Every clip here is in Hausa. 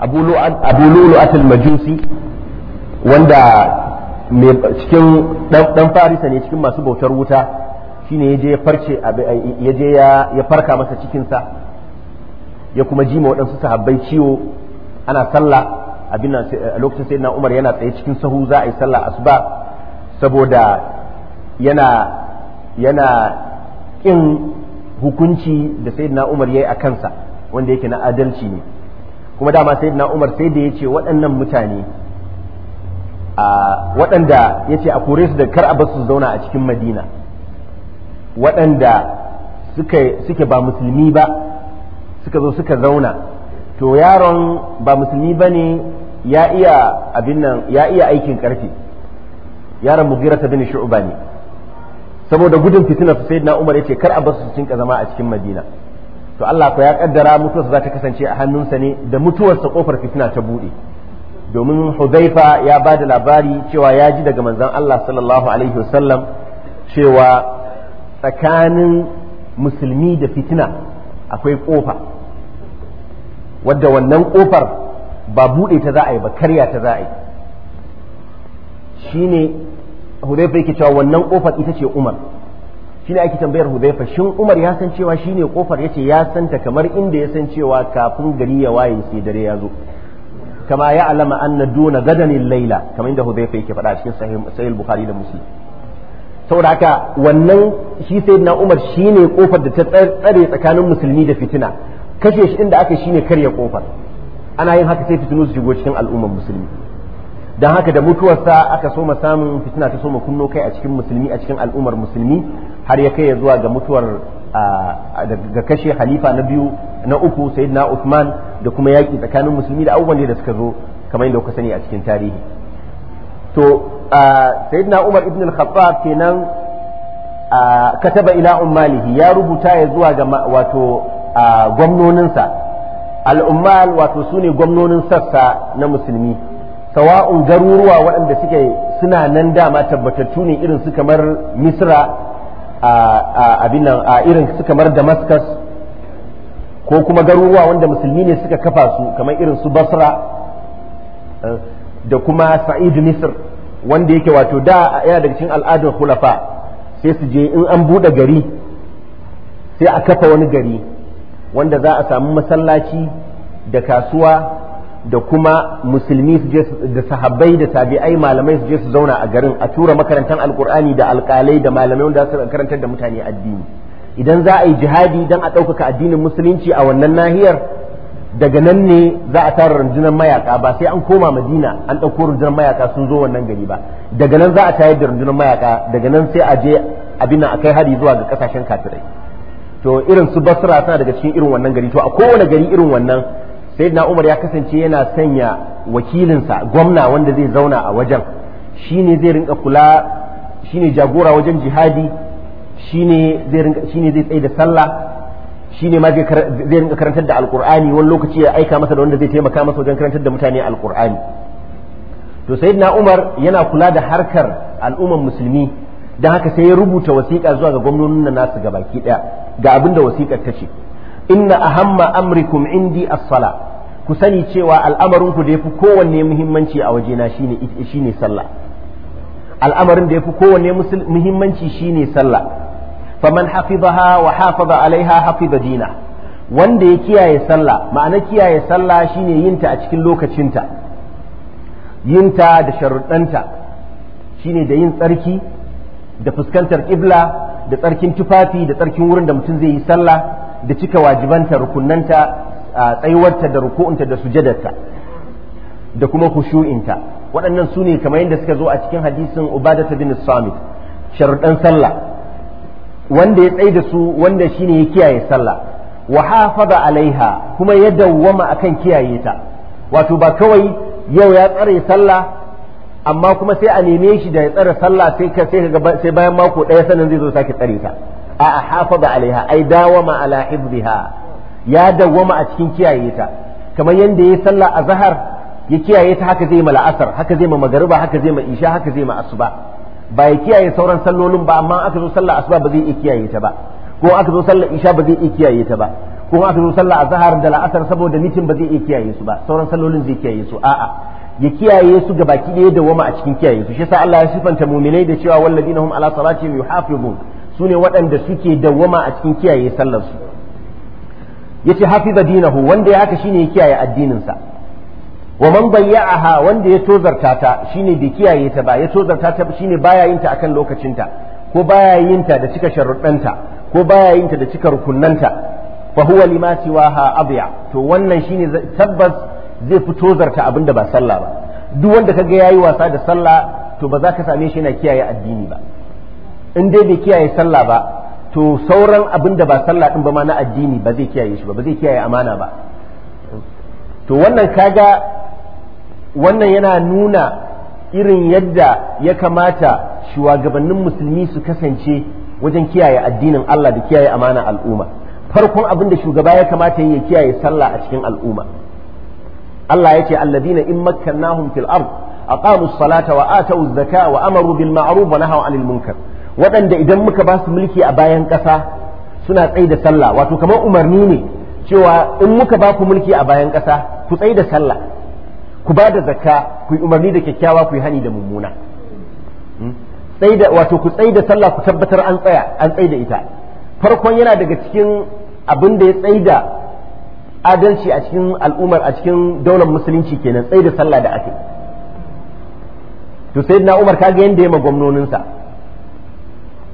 abu lulu'atul majusi wanda cikin dan farisa ne cikin masu bautar wuta shine ne ya farce je ya farka masa cikinsa ya kuma ji waɗansu sahabbai ciwo ana sallah abin nan a lokacin sai na umar yana tsaye cikin sahu za a yi sallah asuba saboda yana yana ƙin hukunci da sayyidina umar ya yi a kansa wanda yake na adalci ne kuma dama na Umar sai da yace waɗannan mutane a waɗanda yace a kore su da kar a bar su zauna a cikin Madina waɗanda suke ba musulmi ba suka zo suka zauna to yaron ba musulmi bane ya iya abin nan ya iya aikin karfe yaron Mughira bin Shu'ba ne saboda gudun fitina sai na Umar yace kar a bar su cin zama a cikin Madina to Allah ko ya kaddara mutuwarsa za ta kasance a hannunsa ne da mutuwarsa kofar fitina ta bude domin Hudhaifa ya ba da labari cewa ya ji daga manzon Allah sallallahu alaihi wasallam cewa tsakanin musulmi da fitina akwai kofa wadda wannan kofar ba bude ta za a yi ba karya ta za a yi shine Hudhaifa yake cewa wannan kofar ita ce Umar shine ake tambayar Hudayfa shin Umar ya san cewa ne kofar yace ya santa kamar inda ya san cewa kafin gari ya waye sai dare ya zo kama ya alama anna duna gadanin laila kamar inda Hudayfa yake faɗa cikin sahih Bukhari da Muslim saboda haka wannan shi na Umar ne kofar da ta tsare tsakanin musulmi da fitina kashe shi inda aka shine karya kofar ana yin haka sai fitinu su shigo cikin al'ummar musulmi don haka da mutuwarsa aka soma samun fitina ta soma kunno kai a cikin musulmi a cikin al'ummar musulmi har ya kai ya zuwa ga mutuwar ga kashe halifa na biyu na uku sayyidina Uthman da kuma yaki tsakanin musulmi da abubuwan da suka zo kamar yadda kuka sani a cikin tarihi to sayyidina Umar ibn al-Khattab kenan kataba ila ummalihi ya rubuta ya zuwa ga wato gwamnoninsa ummal wato sune gwamnonin sassa na musulmi sawa'un garuruwa waɗanda suke suna nan dama tabbatattu ne irin su kamar misra abin nan a irin su kamar damascus ko kuma garuruwa wanda musulmi ne suka kafa su kamar irin su basra eh, da kuma sa'id misr wanda yake wato da yana daga cikin al'adun khulafa sai su je in an buɗe gari sai a kafa wani gari wanda za a samu masallaci da kasuwa da kuma musulmi da sahabbai da tabi'ai malamai su je su zauna a garin a tura makarantar alkur'ani da alkalai da malamai wanda su karantar da mutane addini idan za a yi jihadi don a ɗaukaka addinin musulunci a wannan nahiyar daga nan ne za a tara rundunar mayaka ba sai an koma madina an ɗauko rundunar mayaka sun zo wannan gari ba daga nan za a tayar da rundunar mayaka daga nan sai a je abin a kai hari zuwa ga kasashen kafirai to irin su basra suna daga cikin irin wannan gari to a kowane gari irin wannan sayyidina umar ya kasance yana sanya wakilinsa gwamna wanda zai zauna a wajen shine zai rinka kula shine jagora wajen jihadi shine zai shine zai tsaye da sallah shine ma zai rinka karantar da alqur'ani wani lokaci ya aika masa da wanda zai taimaka masa wajen karantar da mutane alqur'ani to sayyidina umar yana kula da harkar al'umman musulmi dan haka sai ya rubuta wasiƙa zuwa ga gwamnonin na nasu gabaki ɗaya ga abin da wasiƙar ta ce inna ahamma amrikum indi as ku sani cewa al'amarin ku da yafi kowanne muhimmanci a wajena shine shine sallah al'amarin da yafi kowanne muhimmanci shine sallah faman hafizaha wa hafaza alaiha hafiza dina wanda ya kiyaye sallah ma'ana kiyaye sallah shine yinta a cikin lokacinta yinta da sharuɗanta shine da yin tsarki da fuskantar ƙibla da tsarkin tufafi da tsarkin wurin da mutum zai yi sallah da cika wajibanta rukunnanta. tsayuwarta da ruku'unta da sujadarta da kuma khushu'inta waɗannan su ne kamar yadda suka zo a cikin hadisin ubadata bin samit sharuɗan sallah wanda ya tsaye da su wanda shine ya kiyaye sallah wa hafaza alaiha kuma ya dawwama akan kiyaye ta wato ba kawai yau ya tsare sallah amma kuma sai a neme shi da ya tsare sallah sai ka sai sai bayan mako ɗaya sanin zai zo sake tsare ta a hafaza alaiha ai dawama ala hifziha ya dawwama a cikin kiyaye ta kamar yadda ya sallah a zahar ya kiyaye ta haka zai ma la'asar haka zai ma magariba haka zai ma isha haka zai ma asuba ba ya kiyaye sauran sallolin ba amma aka zo sallah asuba ba zai iya kiyaye ta ba ko aka zo sallah isha ba zai iya kiyaye ta ba ko aka zo sallah azhar da la'asar saboda mitin ba zai iya kiyaye su ba sauran sallolin zai kiyaye su a'a ya kiyaye su ga baki ɗaya da wama a cikin kiyaye su shi yasa Allah ya sifanta mu'minai da cewa walladina hum ala salatihim yuhafizun sune waɗanda suke dawwama a cikin kiyaye sallar su yace hafiza dinahu wanda ya haka shine ya kiyaye addininsa wa man bayya'aha wanda ya tozarta ta shine bai kiyaye ta ba ya tozarta ta shine baya yin ta akan lokacinta ko baya yin ta da cika sharuɗanta ko baya yin ta da cika rukunnanta fa huwa lima siwaha abya to wannan shine tabbas zai fi tozarta abinda ba sallah ba duk wanda kaga yayi wasa da sallah to ba za ka same shi yana kiyaye addini ba in dai bai kiyaye sallah ba to sauran abin da ba sallah din ba ma na addini ba zai kiyaye shi ba ba zai kiyaye amana ba to wannan kaga wannan yana nuna irin yadda ya kamata shugabannin musulmi su kasance wajen kiyaye addinin Allah da kiyaye amana al'umma farkon abin da shugaba ya kamata ya kiyaye sallah a cikin al'umma Allah ya ce alladina in makkannahum fil ard aqamu as-salata wa atau az-zakata wa amaru bil ma'ruf wa nahaw 'anil munkar waɗanda idan muka ba su mulki a bayan ƙasa suna tsaye da sallah wato kamar umarni ne cewa in muka ba ku mulki a bayan ƙasa ku tsaye da sallah ku ba da zakka ku yi umarni da kyakkyawa ku yi hani da mummuna hmm? wato ku tsaye da sallah ku tabbatar an tsaya an tsaye da ita farkon yana daga cikin abin da ya tsaye da adalci a cikin al'ummar a cikin daular musulunci kenan tsaye da sallah da ake to sai umar kaga yanda ya ma gwamnoninsa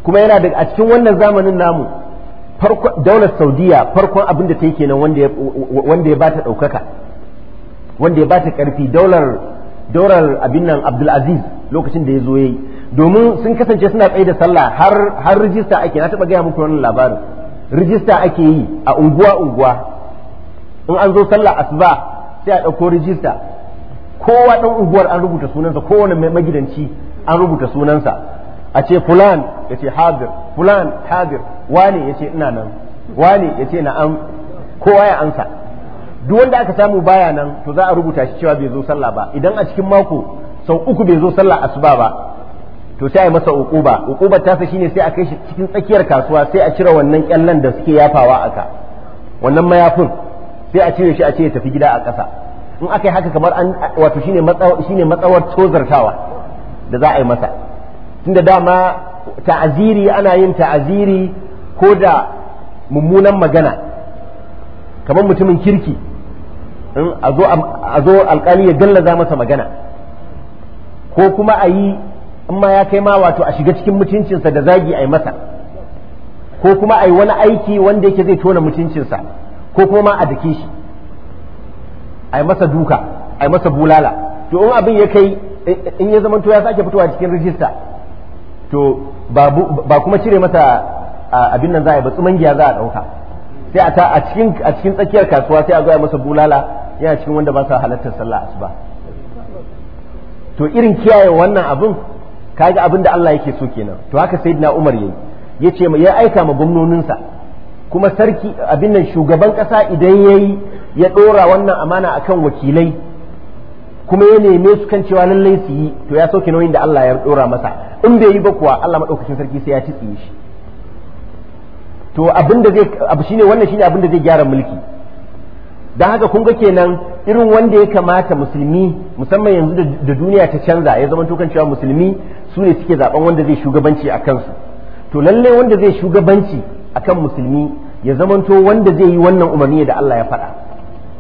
kuma yana daga a cikin wannan zamanin namu farko daular saudiya farkon abin da ta yi kenan wanda ya bata ɗaukaka wanda ya bata ƙarfi daular daular abin nan abdulaziz lokacin da ya zo yayi domin sun kasance suna tsaye da sallah har har rijista ake na taɓa gaya muku wannan labarin rijista ake yi a unguwa unguwa in an zo sallah asuba sai a ɗauko rijista kowa ɗan unguwar an rubuta sunansa kowane mai magidanci an rubuta sunansa a ce fulan ya ce hadir fulan hadir wane ya ce ina nan wane ya ce na'am kowa ya ansa duk wanda aka samu baya nan to za a rubuta shi cewa bai zo sallah ba idan a cikin mako sau uku bai zo sallah asuba ba to sai a yi masa uquba ta tasa shine sai a kai shi cikin tsakiyar kasuwa sai a cire wannan kyallan da suke yafawa aka wannan mayafin sai a cire shi a ce ya tafi gida a ƙasa in aka yi haka kamar an wato shine matsawar tozartawa da za a yi masa tunda dama ta'aziri ana yin ta'aziri ko da mummunan magana kamar mutumin kirki a zo alkali ya gallaza masa magana ko kuma a yi in ya kai ma wato a shiga cikin mutuncinsa da zagi a yi masa ko kuma a yi wani aiki wanda yake zai tona mutuncinsa ko kuma ma a dake shi a yi masa duka a yi masa bulala to in abin ya kai in ya zamanto ya sake fitowa cikin rijista to ba kuma cire masa abin nan za a yi ba tsumangiya za a ɗauka sai a ta a cikin tsakiyar kasuwa sai a zo masa bulala yana cikin wanda ba sa halartar sallah asuba to irin kiyaye wannan abin kaga abin da Allah yake so kenan to haka sayyidina Umar yayi yace ya aika ma gwamnoninsa kuma sarki abin nan shugaban kasa idan yayi ya dora wannan amana akan wakilai kuma ya neme su kan cewa lallai su yi to ya sauke nauyin da Allah ya dora masa in bai yi ba kuwa Allah madaukakin sarki sai ya tsiye shi to abin da zai abu shine wannan shine abin da zai gyara mulki dan haka kun ga kenan irin wanda ya kamata musulmi musamman yanzu da duniya ta canza ya zama tukan cewa musulmi su ne suke zaben wanda zai shugabanci a kansu to lallai wanda zai shugabanci akan musulmi ya zamanto wanda zai yi wannan umarni da Allah ya faɗa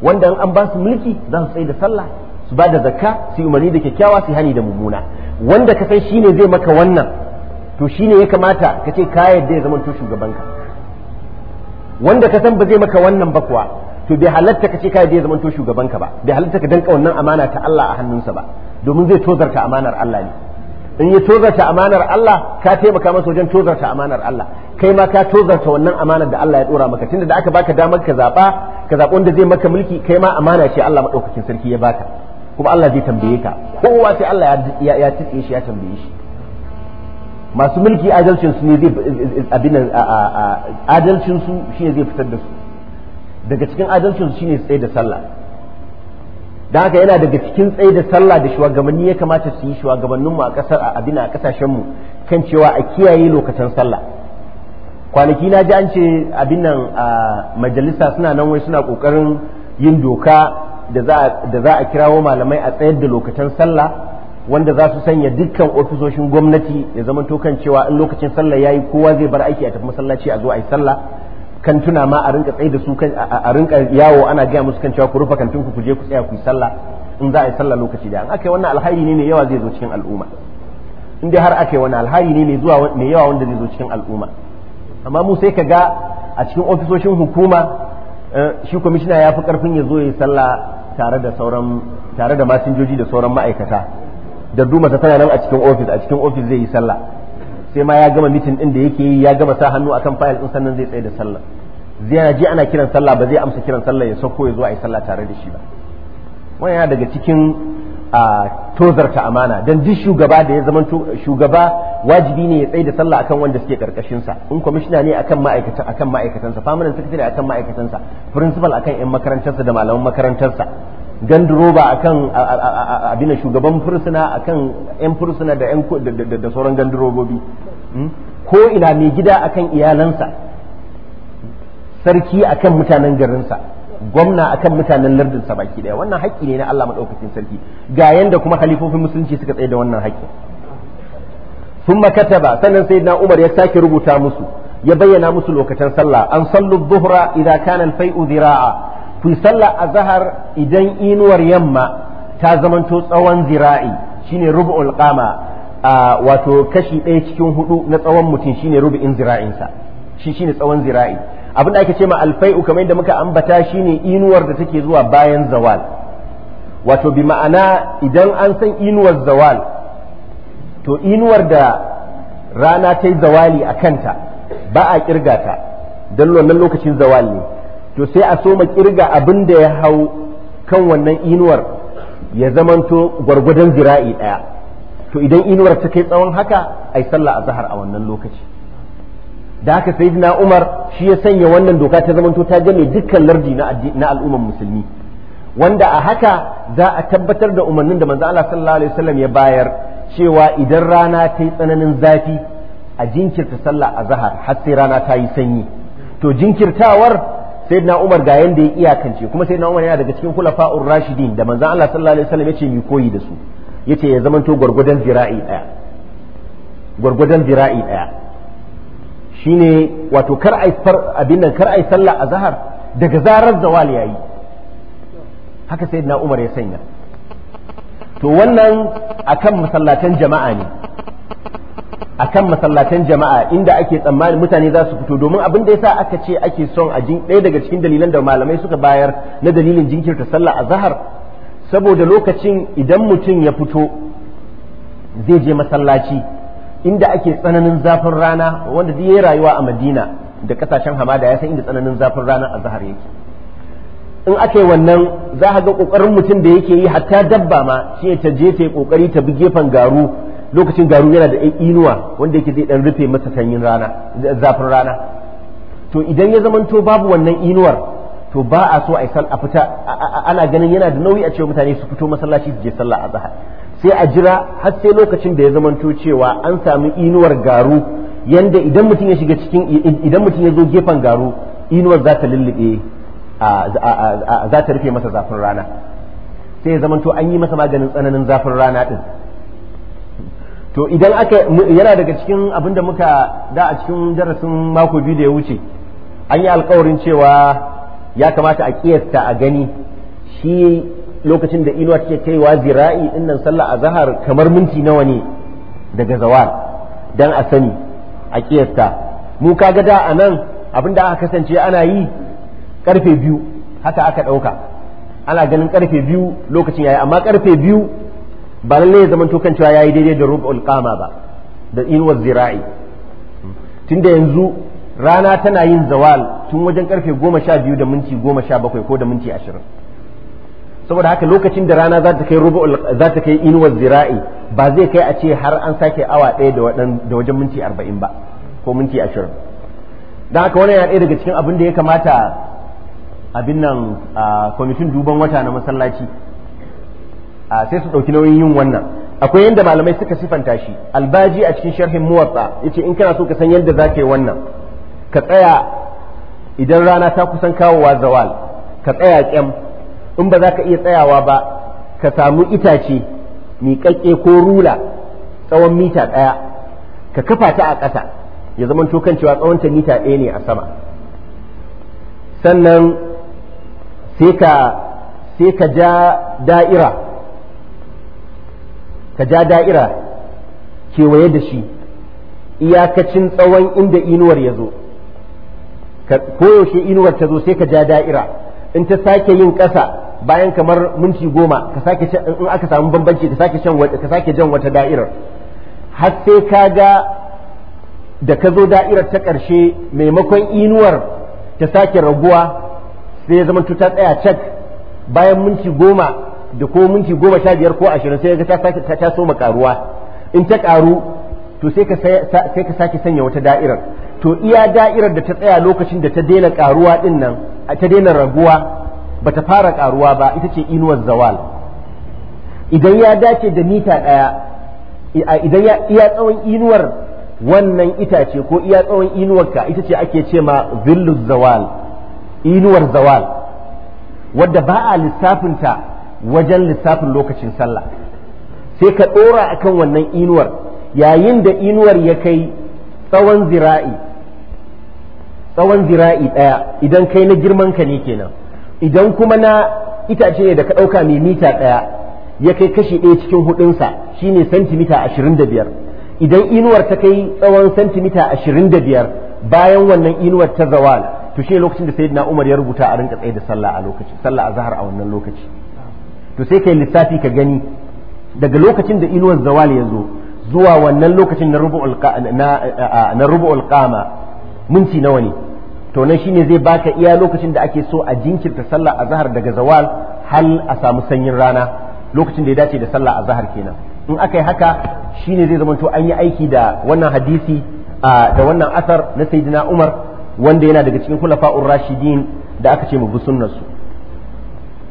wanda an ba su mulki za su tsaye da sallah su ba da zakka su yi umarni da kyakkyawa su hani da mummuna wanda ka san shine zai maka wannan to shine ya kamata ka ce ka yadda ya zama shugabanka wanda ka san ba zai maka wannan ba kuwa to bai halatta ka ce ka yadda ya zama shugabanka ba bai halatta ka danka wannan amana ta Allah a hannunsa ba domin zai tozarta amanar Allah ne in ya tozarta amanar Allah ka taimaka masa wajen tozarta amanar Allah kai ma ka tozarta wannan amanar da Allah ya dora maka tunda da aka baka damar ka zaba ka zaba wanda zai maka mulki kai ma amana ce Allah madaukakin sarki ya baka kuma Allah zai tambaye ka kowa sai Allah ya tsitse shi ya tambaye shi masu mulki adalcin su ne zai abin adalcin su shine zai fitar da su daga cikin adalcin su shine tsaye da sallah dan haka yana daga cikin tsaye da sallah da shugabanni ya kamata su yi shugabannin mu a kasar a abin a kasashen mu kan cewa a kiyaye lokacin sallah kwanaki na ji an ce abin nan a majalisa suna nan wai suna kokarin yin doka da za a kirawo malamai a tsayar da lokacin sallah wanda za su sanya dukkan ofisoshin gwamnati ya zama kan cewa in lokacin sallah yayi kowa zai bar aiki a tafi masallaci a zo a yi sallah kantuna ma a rinka tsaye da su a rinka yawo ana gaya musu kan cewa ku rufe kantin ku je ku tsaya ku yi sallah in za a yi sallah lokaci da an akai wannan alhairi ne mai yawa zai zo cikin al'umma in dai har akai wannan alhairi ne mai zuwa mai yawa wanda zai zo cikin al'umma amma mu sai ka ga a cikin ofisoshin hukuma Eh, shi kwamishina ya fi karfin ya zo ya sallah tare da sauran tare da masinjoji da sauran ma'aikata da ta tana nan a cikin ofis a cikin ofis zai yi sallah sai ma ya gama mitin din da yake yi ya gama sa hannu akan fayil ɗin sannan zai tsaye da sallah zai ji ana kiran sallah ba zai amsa kiran sallah ya sauko ya zo a yi sallah tare da shi ba wannan yana daga cikin a tozarta amana don duk shugaba da ya zama shugaba wajibi ne ya tsaye da sallah akan wanda suke karkashin in kwamishina ne akan ma'aikata akan ma'aikatansa permanent secretary akan ma'aikatansa principal akan yan makarantarsa da malaman makarantarsa ganduroba akan abin shugaban fursuna akan yan fursuna da yan da sauran gandurobobi hmm? ko ina mai gida akan iyalansa sarki akan mutanen garinsa gwamna akan mutanen lardin sa baki daya wannan haƙƙi ne na Allah madaukakin sarki ga yanda kuma halifofin musulunci suka tsaye da wannan haƙƙi sun makataba sannan na Umar ya sake rubuta musu ya bayyana musu lokacin sallah an sallu dhuhra idza kana al-fai'u zira'a ku sallah azhar idan inuwar yamma ta zamanto tsawon zira'i shine rubu'ul qama wato kashi ɗaya cikin hudu na tsawon mutum shine rubu'in zira'insa shi shine tsawon zira'i abin da ake ce ma alfai'u kamar yadda muka ambata shine inuwar da take zuwa bayan zawal wato bi ma'ana idan an san inuwar zawal to inuwar da rana ta yi zawali a kanta ba a kirga ta don wannan lokacin zawal ne to sai a soma kirga abin da ya hau kan wannan inuwar ya zamanto gwargwadon zira'i ɗaya to idan inuwar ta kai tsawon haka ai sallah a zahar a wannan lokaci da haka sayyidina Umar shi ya sanya wannan doka ta zamanto ta game dukkan lardi na al'umman musulmi wanda a haka za a tabbatar da umarnin da manzo Allah sallallahu alaihi wasallam ya bayar cewa idan rana ta yi tsananin zafi a jinkirta sallah a zahar har sai rana ta yi sanyi to jinkirtawar sayyidina Umar ga yanda ya iyakance kuma sai Umar yana daga cikin khulafa'ur rashidin da manzo Allah sallallahu alaihi wasallam yace mi koyi da su yace ya zamanto gwargwadon zira'i daya gwargwadon zira'i daya shine wato kar ai abin nan kar ai sallah zahar daga zarar zawal yayi haka sayyidina Umar ya sanya to wannan akan masallatan jama'a ne akan masallatan jama'a inda ake tsammanin mutane za su fito domin abin da yasa aka ce ake son a jin ɗaya daga cikin dalilan da malamai suka bayar na dalilin jinkirta sallah zahar saboda lokacin idan mutum ya fito zai je masallaci inda ake tsananin zafin rana wanda zai yi rayuwa a Madina da kasashen hamada ya san inda tsananin zafin rana a zahar yake in aka yi wannan za a ga kokarin mutum da yake yi hatta dabba ma shi ta je ta yi kokari ta bi gefen garu lokacin garu yana da inuwa wanda yake zai dan rufe masa sanyin rana zafin rana to idan ya zamanto babu wannan inuwar to ba a so a yi a fita ana ganin yana da nauyi a cewa mutane su fito masallaci su je sallah a zahar sai a jira har sai lokacin da ya zamanto cewa an sami inuwar garu yanda idan mutum ya shiga cikin idan mutum ya zo gefen garu inuwar za ta lullube za ta rufe masa zafin rana sai ya zamanto an yi masa maganin tsananin zafin rana din to idan aka yana daga cikin abin da muka da a cikin darasin mako biyu da ya wuce an yi alkawarin cewa ya kamata a kiyasta a gani shi lokacin da inuwa take kaiwa zira'i dinnan sallah azhar kamar minti nawa ne daga zawal dan a sani a kiyasta mu kaga da anan abinda aka kasance ana yi karfe biyu haka aka dauka ana ganin karfe biyu lokacin yayi amma karfe biyu ba lalle ya zamanto kan cewa yayi daidai da rub'ul qama ba da inuwar zira'i tunda yanzu rana tana yin zawal tun wajen karfe goma sha biyu da minti goma sha bakwai ko da minti ashirin saboda haka lokacin da rana za ta kai rubu'ul za ta kai inuwar zira'i ba zai kai a ce har an sake awa ɗaya da wajen minti arba'in ba ko minti ashirin. don haka wannan yana daga cikin abin da ya kamata abin nan kwamitin duban wata na masallaci sai su ɗauki nauyin yin wannan akwai yadda malamai suka sifanta shi albaji a cikin sharhin muwatsa ce in kana so ka san yadda za ka yi wannan ka tsaya idan rana ta kusan kawowa zawal ka tsaya kyam in ba za ka iya tsayawa ba ka samu itace miƙaƙƙe ko rula tsawon mita ɗaya ka kafa ta a ƙasa ya zama kan cewa tsawonta mita ɗaya ne a sama sannan sai ka ja da'ira ka ja da'ira kewaye da shi iyakacin tsawon inda inuwar ya zo koyaushe inuwar ta zo sai ka ja da'ira in ta sake yin ƙasa bayan kamar minti goma ka sake in aka samu bambanci ka sake jan wata da'irar har sai ka ga da ka zo da'irar ta ƙarshe maimakon inuwar ta sake raguwa sai ya zama ta tsaya cak bayan minti goma da ko minti goma sha biyar ko ashirin sai ga ta ta soma karuwa in ta karu to sai ka sake sanya wata da'irar to iya da'irar da ta tsaya lokacin da ta daina karuwa din nan ta daina raguwa bata fara karuwa ba ita ce inuwar zawal idan ya dace da mita ɗaya idan iya tsawon inuwar wannan itace ko iya tsawon inuwarka ita ce ake ce ma villus zawal inuwar zawal wadda ba a lissafinta wajen lissafin lokacin sallah sai ka ɗora akan wannan inuwar yayin da inuwar ya kai tsawon zira'i tsawon zira'i ɗaya idan kai na girman ka ne kenan idan kuma na itace ne da ka ɗauka mai mita ɗaya ya kai kashi ɗaya cikin hudunsa ne santimita ashirin da biyar idan inuwar ta kai tsawon santimita ashirin da biyar bayan wannan inuwar ta zawal to shine lokacin da sayyidina umar ya rubuta a rinka tsaye da sallah a lokaci sallah a zahar a wannan lokaci to sai kai lissafi ka gani daga lokacin da inuwar zawal ya zo zuwa wannan lokacin na rubu'ul qama minti nawa ne to nan shine zai baka iya lokacin da ake so a jinkirta sallah azhar daga zawal hal a samu sanyin rana lokacin da ya dace da sallah azhar kenan in aka yi haka shine zai zama to an yi aiki da wannan hadisi da wannan asar na sayyidina Umar wanda yana daga cikin khulafa'ur rashidin da aka ce mu bi sunnarsu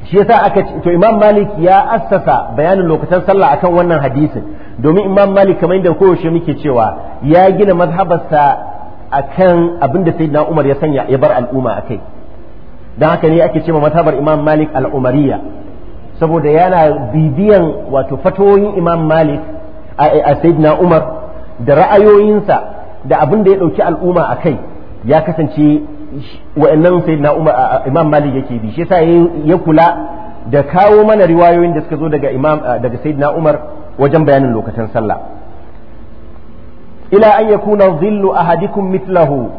shi yasa aka ce to Imam Malik ya assasa bayanin lokacin sallah akan wannan hadisin domin Imam Malik kamar yadda koyaushe muke cewa ya gina mazhabarsa akan abin da sayyidina Umar ya sanya ya bar al'umma kai don haka ne ake cewa matabar Imam Malik al'umariya saboda yana bibiyan wato fatoyin Imam Malik a sayyidina Umar da ra'ayoyinsa da abin da ya ɗauki al'umma a kai ya kasance wa'annan sayyidina Umar Imam Malik yake bi shi yasa ya kula da kawo mana riwayoyin da suka zo daga Imam daga sayyidina Umar wajen bayanin lokacin sallah ila an zillu dhillu ahadikum mitlahu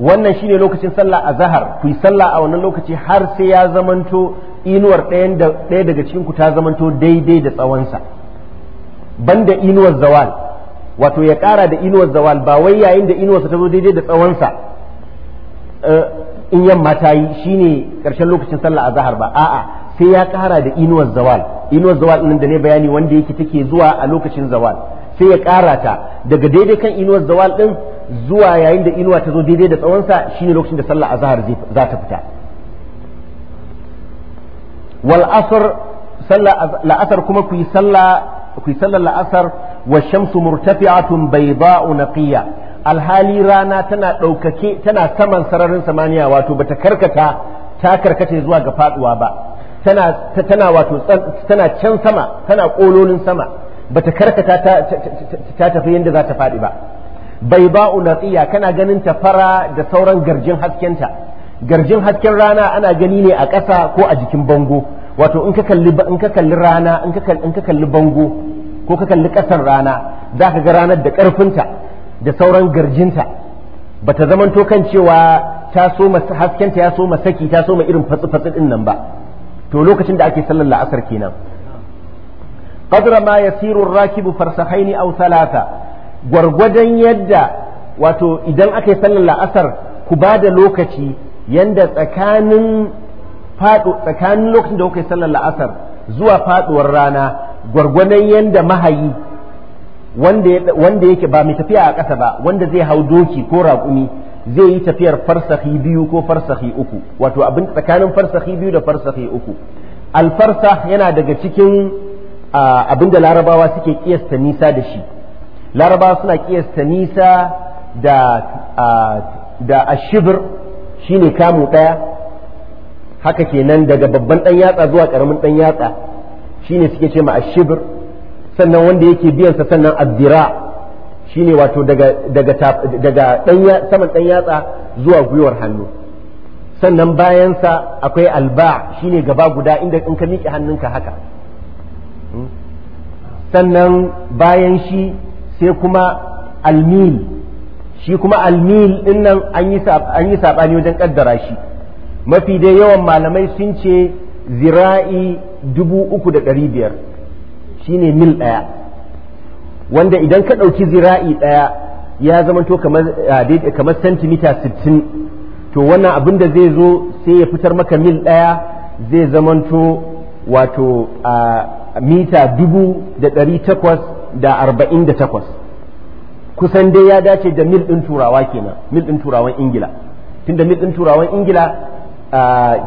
wannan shine lokacin sallah azhar ku yi sallah a wannan lokaci har sai ya zamanto inuwar ɗaya daga cikin ku ta zamanto daidai da tsawonsa banda inuwar zawal wato ya ƙara da inuwar zawal ba wai yayin da inuwarsa ta zo daidai da tsawonsa eh, in yamma ta yi shine ƙarshen lokacin sallah azhar ba a'a sai ya ƙara da inuwar zawal inuwar zawal ɗin da ne bayani wanda yake take zuwa a lokacin zawal sai ya ƙara ta daga daidai kan inuwar zawal din zuwa yayin da inuwa ta zo daidai da tsawonsa shine lokacin da sallah azhar za ta fita wal asr sallah la'asar kuma ku yi sallah ku yi sallar la'asar wa shamsu murtafi'atun bayda'u naqiya alhali rana tana ɗaukake tana saman sararin samaniya wato bata karkata ta karkata zuwa ga faduwa ba tana tana wato tana can sama tana kololin sama bata karkata ta tafi yadda za ta faɗi ba bai ba'u unatsiya kana ganin ta fara da sauran garjin haskenta garjin hasken rana ana gani ne a ƙasa ko a jikin bango wato in ka kalli in ka kalli rana in ka kalli bango ko ka kalli ƙasar rana za ka ga ranar da ƙarfinta da sauran garjinta bata zamanto kan cewa ta so haskenta ya so saki ta so irin fatsi fatsi ɗin nan ba to lokacin da ake sallar la'asar kenan qadra ma yasiru ar-rakibu farsahaini aw thalatha gwargwadon yadda wato idan aka yi sallar la'asar ku ba da lokaci yanda tsakanin fado tsakanin lokacin da kuka yi sallar la'asar zuwa faduwar rana gwargwadon yanda mahayi wanda yake ba mai tafiya a ƙasa ba wanda zai hau doki ko raƙumi zai yi tafiyar farsahi biyu ko farsahi uku wato abin tsakanin farsahi biyu da farsahi uku alfarsa yana daga cikin abinda larabawa suke kiyasta nisa da shi larabawa suna kiyasta nisa da da ashibir shine kamu ɗaya haka kenan daga babban ɗan yatsa zuwa ƙaramin ɗan yatsa shine suke ce ma ashibir sannan wanda yake biyansa sannan addira shine wato daga daga saman ɗan yatsa zuwa gwiwar hannu sannan bayansa akwai alba shine gaba guda inda in ka miƙe hannunka haka sannan bayan shi sai kuma almil shi kuma almil din nan an yi saɓani wajen ƙaddara shi mafi dai yawan malamai sun ce zira'i dubu uku da ɗari biyar shine mil ɗaya wanda idan ka ɗauki zira'i ɗaya ya zamanto kamar santimita sittin to wannan abin da zai zo sai ya fitar maka mil ɗaya zai zamanto wato mita dubu da ɗari takwas da arba'in da takwas kusan dai ya dace da mil ɗin turawa kenan mil ɗin turawan ingila tunda mil ɗin turawan ingila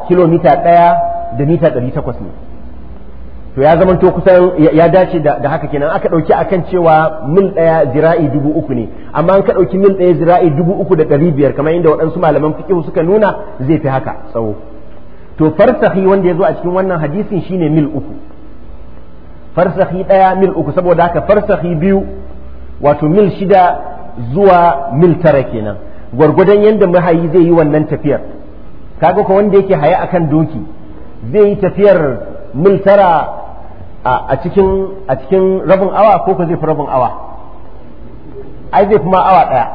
kilomita ɗaya da mita ɗari takwas ne to ya zama to kusan ya dace da haka kenan aka ɗauki akan cewa mil ɗaya zira'i dubu uku ne amma an ka ɗauki mil ɗaya zira'i dubu uku da ɗari biyar kamar inda waɗansu malaman fiƙihu suka nuna zai fi haka tsawo to farsahi wanda ya zo a cikin wannan hadisin shine mil uku farsahi ɗaya mil uku saboda haka farsahi biyu wato mil shida zuwa mil tara kenan gwargwadon yadda mahayi zai yi wannan tafiyar kaga ko wanda yake haya akan doki zai yi tafiyar mil tara a cikin a cikin rabin awa ko ko zai fi rabin awa ai zai fi ma awa ɗaya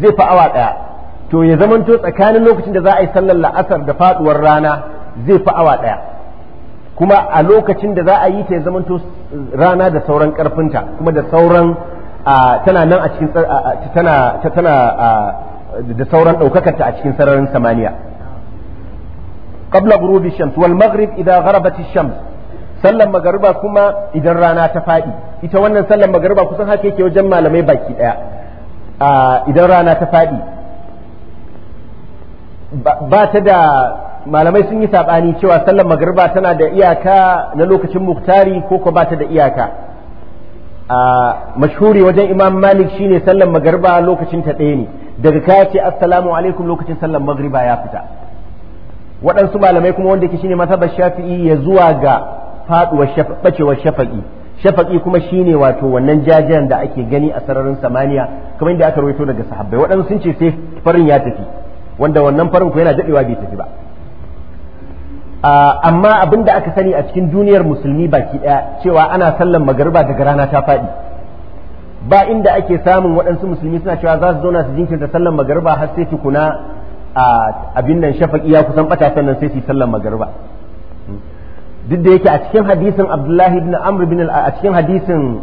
zai fi awa ɗaya to ya zamanto tsakanin lokacin da za a yi sallar la'asar da faduwar rana zai fi awa ɗaya kuma a lokacin da za a yi ta ya zamanto rana da sauran karfinta kuma da sauran tana nan a cikin tana tana da sauran ɗaukakarta a cikin sararin samaniya qabla ghurubi shams wal maghrib idha gharabat shams sallan magariba kuma idan rana ta faɗi ita wannan sallan magariba kusan haka yake wajen malamai baki ɗaya idan rana ta faɗi ba ta da malamai sun yi saɓani cewa sallar magariba tana da iyaka na lokacin muktari ko ko ba ta da iyaka a mashhuri wajen imam malik shine sallar magariba lokacin ta ɗaya ne daga kaya ce assalamu alaikum lokacin sallar magariba ya fita waɗansu malamai kuma wanda ke shine mazhabar shafi'i ya zuwa ga faduwar bacewar shafa'i shafa'i kuma shine wato wannan jajayen da ake gani a sararin samaniya kamar inda aka rawaito daga sahabbai waɗansu sun ce sai farin ya tafi wanda wannan farin ko yana daɗewa bai tafi ba amma abin da aka sani a cikin duniyar musulmi baki ɗaya cewa ana sallan magariba daga rana ta faɗi ba inda ake samun waɗansu musulmi suna cewa za su zauna su jinkirta sallan magariba har sai tukuna a abin nan shafaƙi ya kusan ɓata sannan sai su sallan magariba duk da yake a cikin hadisin abdullahi ibn amr bin a cikin hadisin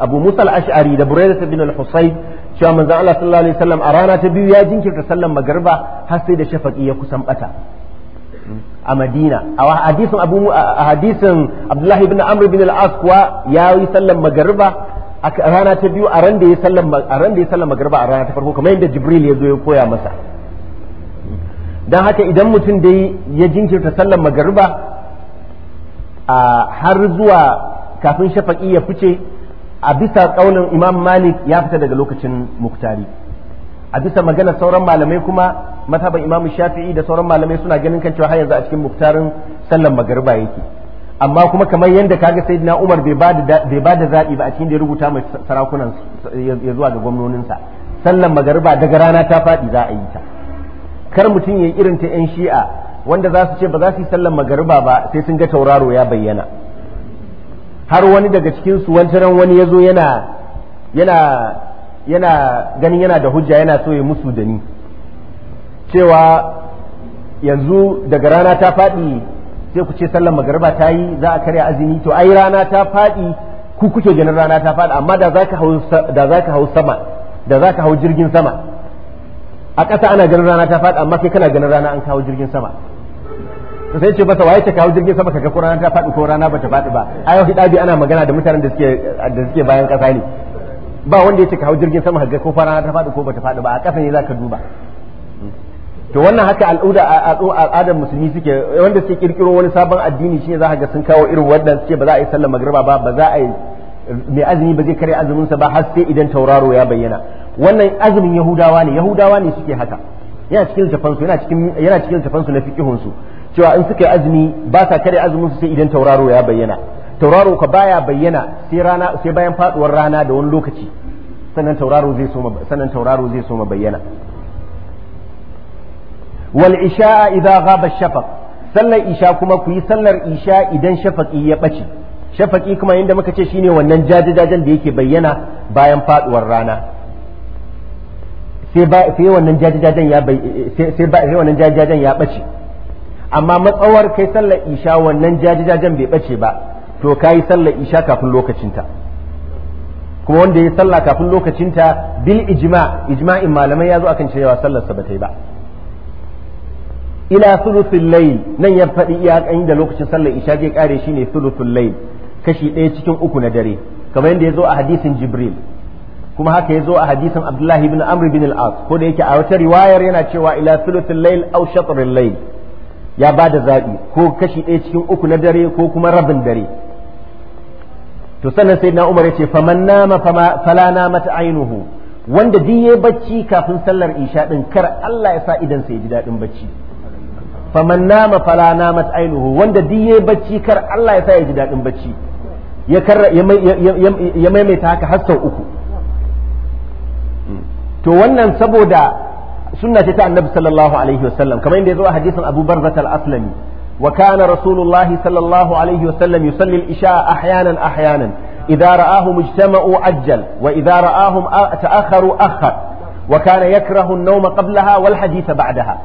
abu musa al-ash'ari da burayda bin al-husayb cewa manzon Allah sallallahu alaihi wasallam a rana ta biyu ya jinkirta sallan magariba har sai da shafaƙi ya kusan ɓata a Madina a hadisin Abu a hadisin Abdullahi bin Amr ibn al-As kuwa yayi sallan magariba a rana ta biyu a ran da ya sallan a ran da ya magariba a rana ta farko kamar yadda Jibril ya zo ya koya masa dan haka idan mutum dai ya jinkirta sallan magariba a har zuwa kafin shafaqi ya fice a bisa kaulin Imam Malik ya fita daga lokacin muktari a bisa maganar sauran malamai kuma mazhaban imamu shafi'i da sauran malamai suna ganin kan cewa har yanzu a cikin muftarin sallan magariba yake amma kuma kamar yadda kaga sayyidina umar bai ba da zaɓi ba a cikin da ya rubuta mai sarakunan ya zuwa ga gwamnoninsa sallan magariba daga rana ta faɗi za a yi ta kar mutum ya yi irin ta yan shi'a wanda za su ce ba za su yi sallan magariba ba sai sun ga tauraro ya bayyana har wani daga cikin su wancan wani ya zo yana yana yana ganin yana da hujja yana so ya musu da ni cewa yanzu daga rana ta faɗi sai ku ce sallar magariba ta yi za a karya azumi to ai rana ta faɗi ku kuke ganin rana ta faɗi amma da za ka hau sama da za ka hau jirgin sama a ƙasa ana ganin rana ta faɗi amma kai kana ganin rana an kawo jirgin sama to sai ce masa waye ta kawo jirgin sama kaga ko rana ta faɗi ko rana bata faɗi ba ayo hidabi ana magana da mutanen da suke da suke bayan ƙasa ne ba wanda ya ce ka hau jirgin sama ga ko fara ta faɗi ko bata faɗi ba a ƙasa ne ka duba to wannan haka al'uda al'adar musulmi suke wanda suke kirkiro wani sabon addini shine za ga sun kawo irin wannan suke ba za a yi sallar magriba ba ba za a yi mai azumi ba zai kare azumin sa ba har sai idan tauraro ya bayyana wannan azumin yahudawa ne yahudawa ne suke haka yana cikin littafin su yana cikin yana cikin littafin su na fiqihun su cewa in suka yi azumi ba sa kare azumin su sai idan tauraro ya bayyana tauraro ka baya bayyana sai rana sai bayan faduwar rana da wani lokaci sannan tauraro zai soma sannan tauraro zai so bayyana wal isha idza ghaba shafaq sallar isha kuma ku yi sallar isha idan shafaqi ya bace shafaqi kuma inda muka ce shine wannan jajajajan da yake bayyana bayan faduwar rana sai ba sai wannan jajajajan ya sai ba sai wannan jajajajen ya bace amma matsawar kai sallar isha wannan jajajajan bai bace ba to ka yi sallar isha kafin lokacinta kuma wanda ya sallah kafin lokacinta bil ijma ijma'in malamai ya zo akan cewa sallar sa bata yi ba ila thuluthil layl nan ya faɗi iyakan da lokacin sallar isha zai kare shi ne thuluthil layl kashi ɗaya cikin uku na dare kamar yadda ya zo a hadisin jibril kuma haka ya zo a hadisin abdullahi bin amr bin al-as ko da yake a wata riwayar yana cewa ila thuluthil layl aw shatril layl ya ba da zaɓi ko kashi ɗaya cikin uku na dare ko kuma rabin dare to sannan sai na umar ya ce faman nama fala nama ta ainihu wanda duk ya bacci kafin sallar isha din kar Allah ya sa idan sai ji daɗin bacci faman nama fala nama ta ainihu wanda duk ya bacci kar Allah ya sa ya ji daɗin bacci ya maimaita haka har sau uku to wannan saboda sunna ce ta annabi sallallahu alaihi wasallam kamar yadda ya zo a hadisin abu barzat al-aslami وكان رسول الله صلى الله عليه وسلم يصلي العشاء أحيانا أحيانا إذا رآهم اجتمعوا عجل وإذا رآهم تأخروا أخر وكان يكره النوم قبلها والحديث بعدها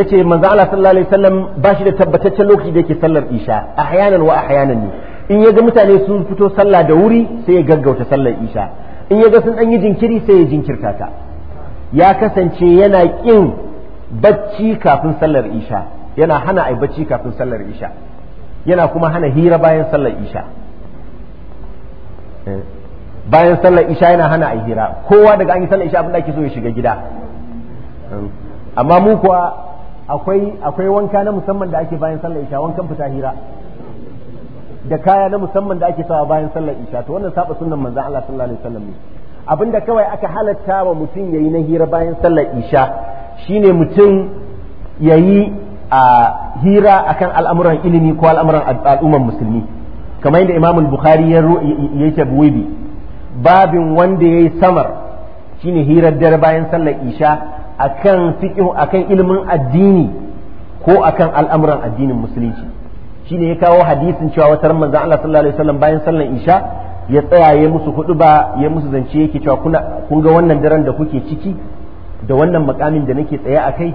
yace manzo Allah sallallahu alaihi wasallam ba shi da tabbataccen lokaci da yake sallar isha ahyanan wa ahyanan ne in yaga mutane sun fito sallah da wuri sai ya gaggauta sallar isha in yaga sun dan yi jinkiri sai ya jinkirta ta ya kasance yana kin bacci kafin sallar isha yana hana yi bacci kafin sallar isha yana kuma hana hira bayan sallar isha eh, bayan sallar isha yana hana yi hira kowa daga an yi sallar isha abin da ake so ya shiga gida eh, amma mu kuwa akwai akwai wanka na musamman da ake bayan sallar isha wankan fita hira da kaya na musamman da ake sawa bayan sallar isha to wannan saba sunnan manzon Allah sallallahu alaihi wasallam ne abinda kawai aka halatta wa mutum yayi na hira bayan sallar isha shine mutum yayi a hira akan al'amuran ilimi ko al'amuran al'umman musulmi kamar yadda imamul bukhari ya yake buwibi babin wanda ya yi samar shine hirar dare bayan sallar isha akan akan ilimin addini ko akan al'amuran addinin musulunci shine ya kawo hadisin cewa wata manzon Allah sallallahu alaihi wasallam bayan sallar isha ya tsaya ya musu hudu ba ya musu zance yake cewa kuna kun ga wannan daren da kuke ciki da wannan makamin da nake tsaye a kai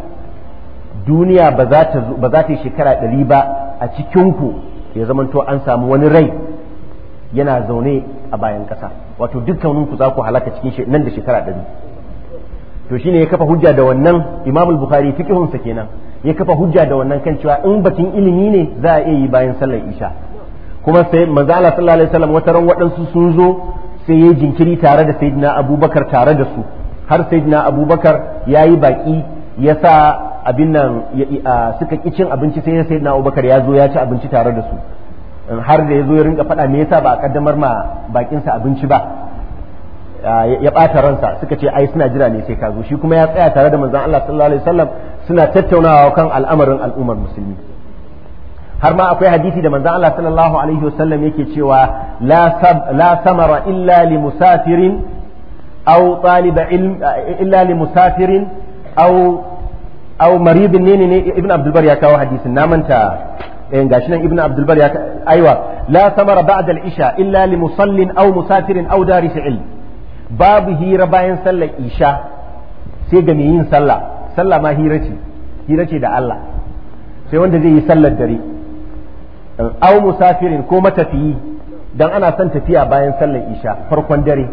duniya ba za ta yi shekara ɗari ba a cikinku ya zamanto an samu wani rai yana zaune a bayan ƙasa wato dukkaninku za ku halaka cikin nan da shekara ɗari to shine ya kafa hujja da wannan imamul bukhari fiqhunsa kenan ya kafa hujja da wannan kan cewa in bakin ilimi ne za a iya yi bayan sallar isha kuma sai manzo Allah sallallahu alaihi wasallam wata ran waɗansu sun zo sai yayi jinkiri tare da sayyidina abubakar tare da su har sayyidina abubakar yayi baki ya sa abin nan suka ƙi cin abinci sai ya sayyidina Abubakar ya zo ya ci abinci tare da su har da ya zo ya rinka faɗa me yasa ba a kaddamar ma bakinsa abinci ba ya ɓata ransa suka ce ai suna jira ne sai ka zo shi kuma ya tsaya tare da manzon Allah sallallahu alaihi wasallam suna tattaunawa kan al'amarin al'ummar musulmi har ma akwai hadisi da manzon Allah sallallahu alaihi wasallam yake cewa la samara illa li musafirin aw ilm illa li musafirin au au maridin ne ne ibn abdulbar ya kawo hadisin na manta eh gashi nan ibn abdulbar ya aiwa la samara ba'da al-isha illa li musallin aw musafirin aw dari fi'l babu hira bayan sallar isha sai ga mai yin sallah sallah ma hira ce hira ce da Allah sai wanda zai yi sallar dare aw musafirin ko matafiyi dan ana son tafiya bayan sallar isha farkon dare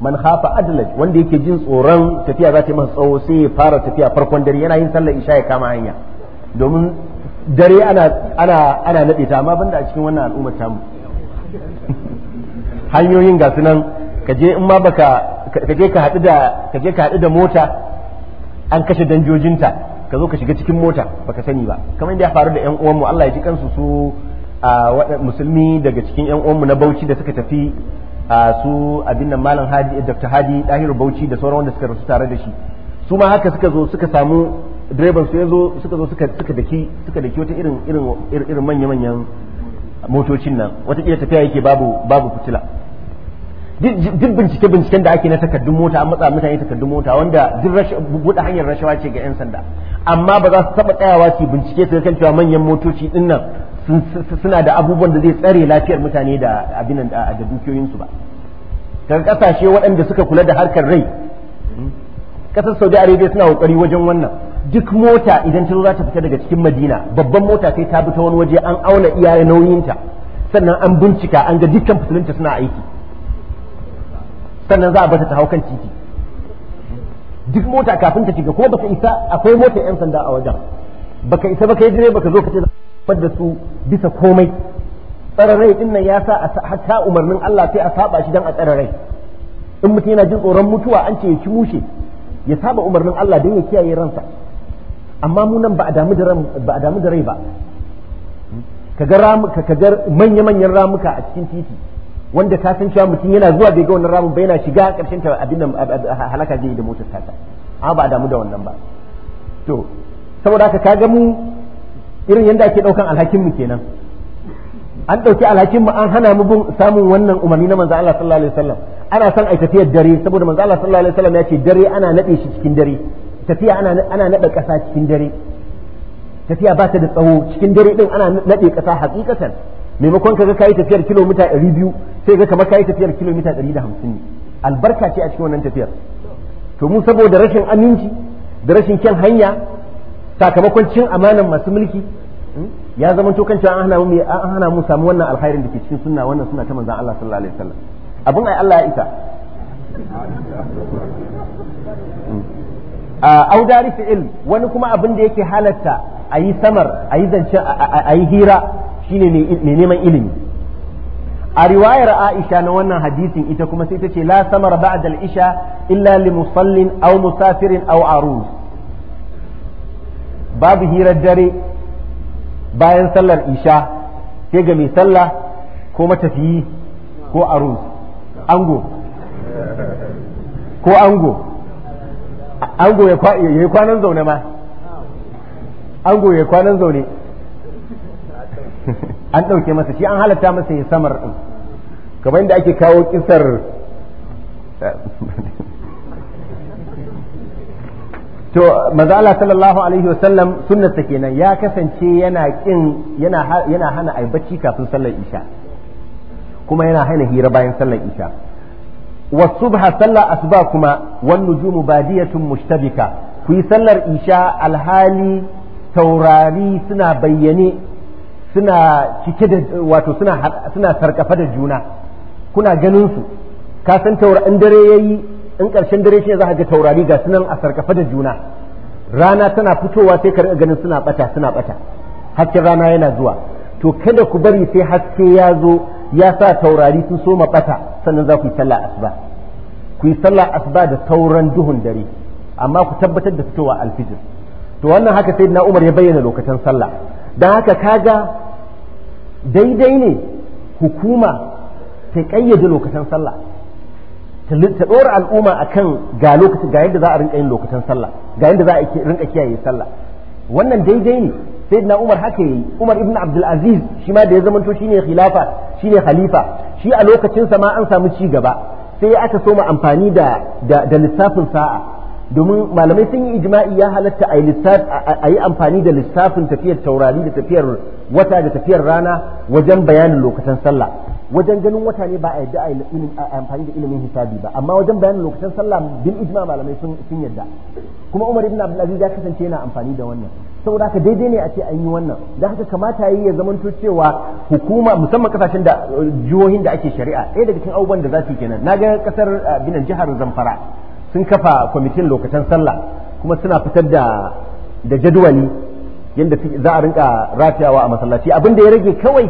man khafa adlaj wanda yake jin tsoron tafiya za ta masa tsawo sai ya fara tafiya farkon dare yana yin sallar isha ya kama hanya domin dare ana ana ana nade ta amma banda a cikin wannan al'ummar tamu hanyoyin ga nan ka je in ma baka ka je ka hadu da ka ka hadu da mota an kashe danjojinta ka zo ka shiga cikin mota baka sani ba kamar inda ya faru da yan uwanmu Allah ya ji kansu su a musulmi daga cikin yan uwanmu na Bauchi da suka tafi a su abin nan malam hadi dr hadi dahiru bauchi da sauran wanda suka rasu tare da shi su ma haka suka zo suka samu direban su yazo suka zo suka suka daki suka daki wata irin irin irin manya manyan motocin nan wata iya tafiya yake babu babu fitila duk bincike binciken da ake na takaddun mota an matsa mutane takaddun mota wanda duk buɗe hanyar rashawa ce ga 'yan sanda amma ba za su taɓa tsayawa su bincike su kan cewa manyan motoci din nan suna da abubuwan da zai tsare lafiyar mutane da abin da dukiyoyinsu ba daga kasashe waɗanda suka kula da harkar rai ƙasar saudi arabia suna kokari wajen wannan duk mota idan ta za ta fita daga cikin madina babban mota sai ta bi ta wani waje an auna iya nauyinta sannan an bincika an ga dukkan fitilunta suna aiki sannan za a bata ta hau kan titi duk mota kafin ta shiga ko baka isa akwai mota yan sanda a wajen baka isa baka yi dire baka zo ka ce da su bisa komai tsararai din nan ya sa a hatta umarnin Allah sai a saba shi dan a tsararai in mutum yana jin tsoron mutuwa an ce ya ci mushe ya saba umarnin Allah dan ya kiyaye ransa amma mu nan ba a damu da ba a damu da rai ba kaga ramuka kaga manya-manyan ramuka a cikin titi wanda ka san cewa mutum yana zuwa bai ga wannan ramun ba yana shiga karshen ta abin nan halaka zai da motar tata amma ba a damu da wannan ba to saboda haka kaga mu irin yadda ake ɗaukan alhakinmu kenan an ɗauki alhakinmu an hana mu bin samun wannan umarni na manzo Allah sallallahu alaihi wasallam ana son ai tafiyar dare saboda manzo Allah sallallahu alaihi wasallam ya ce dare ana nade shi cikin dare tafiya ana ana ƙasa cikin dare tafiya ba ta da tsawo cikin dare din ana naɗe ƙasa hakikatan maimakon kaga kai tafiyar kilomita biyu sai ga kamar kai tafiyar kilomita 150 ne albarka ce a cikin wannan tafiyar to mu saboda rashin aminci da rashin kyan hanya sakamakon cin amanan masu mulki hmm, ya zama to kan an hana mu an hana mu samu wannan alkhairin da ke cikin sunna wannan sunna ta manzon Allah sallallahu alaihi wasallam abin ai Allah ya isa hmm. a audari fi'il wani kuma abin da yake halatta a yi samar a yi zance a yi hira shine ne neman ilimi a riwayar Aisha na wannan hadisin ita kuma sai ta ce la samar ba'da al-isha illa li musallin aw musafirin aw arus babu hirar dare bayan sallar isha sai ga mai sallah ko matafiyi ko arus ango ko ango ango ya yi kwanan zaune ma ango ya yi kwanan zaune an ɗauke masa shi an halatta masa ya samar ɗin kamar yadda ake kawo kisar to maza Allah sallallahu alaihi wasallam sunnarsa kenan ya kasance yana kin yana hana ai bacci kafin sallar isha kuma yana hana hira bayan sallar isha wa subha sallar asuba kuma wan nujumu badiyatun mushtabika ku yi sallar isha alhali taurari suna bayyane suna cike da wato suna suna sarkafa da juna kuna ganin su ka san taurarin dare yayi in ƙarshen dare shi za ka ga taurari ga sunan a sarkafa da juna rana tana fitowa sai ka ganin suna bata suna bata hasken rana yana zuwa to kada ku bari sai haske ya zo ya sa taurari sun soma bata sannan za ku yi sallah asuba ku yi sallah asuba da sauran duhun dare amma ku tabbatar da fitowa alfijir to wannan haka sai na Umar ya bayyana lokacin sallah dan haka kaga daidai ne hukuma ta kayyade lokacin sallah ta ɗora al'umma kan ga lokacin ga yadda za a rinka yin lokutan sallah ga yadda za a rinka kiyaye sallah wannan daidai ne sai na umar haka yi umar ibn abdul aziz shi ma da ya zamanto shine khilafa shine khalifa shi a lokacinsa ma an samu ci gaba sai aka soma amfani da da lissafin sa'a domin malamai sun yi ijma'i ya halatta a yi amfani da lissafin tafiyar taurari da tafiyar wata da tafiyar rana wajen bayanin lokutan sallah wajen ganin wata ne ba a yadda a amfani da ilimin hisabi ba amma wajen bayanin lokacin sallah bin ijma malamai sun yadda kuma Umar ibn Abdul ya kasance yana amfani da wannan saboda haka daidai ne a ce an yi wannan da haka kamata yi ya zamanto cewa hukuma musamman kasashen da jihohin da ake shari'a ɗaya daga cikin abubuwan da za su kenan na ga kasar binan jihar Zamfara sun kafa kwamitin lokacin sallah kuma suna fitar da da jadwali yadda za a rinka rafiyawa a masallaci abin da ya rage kawai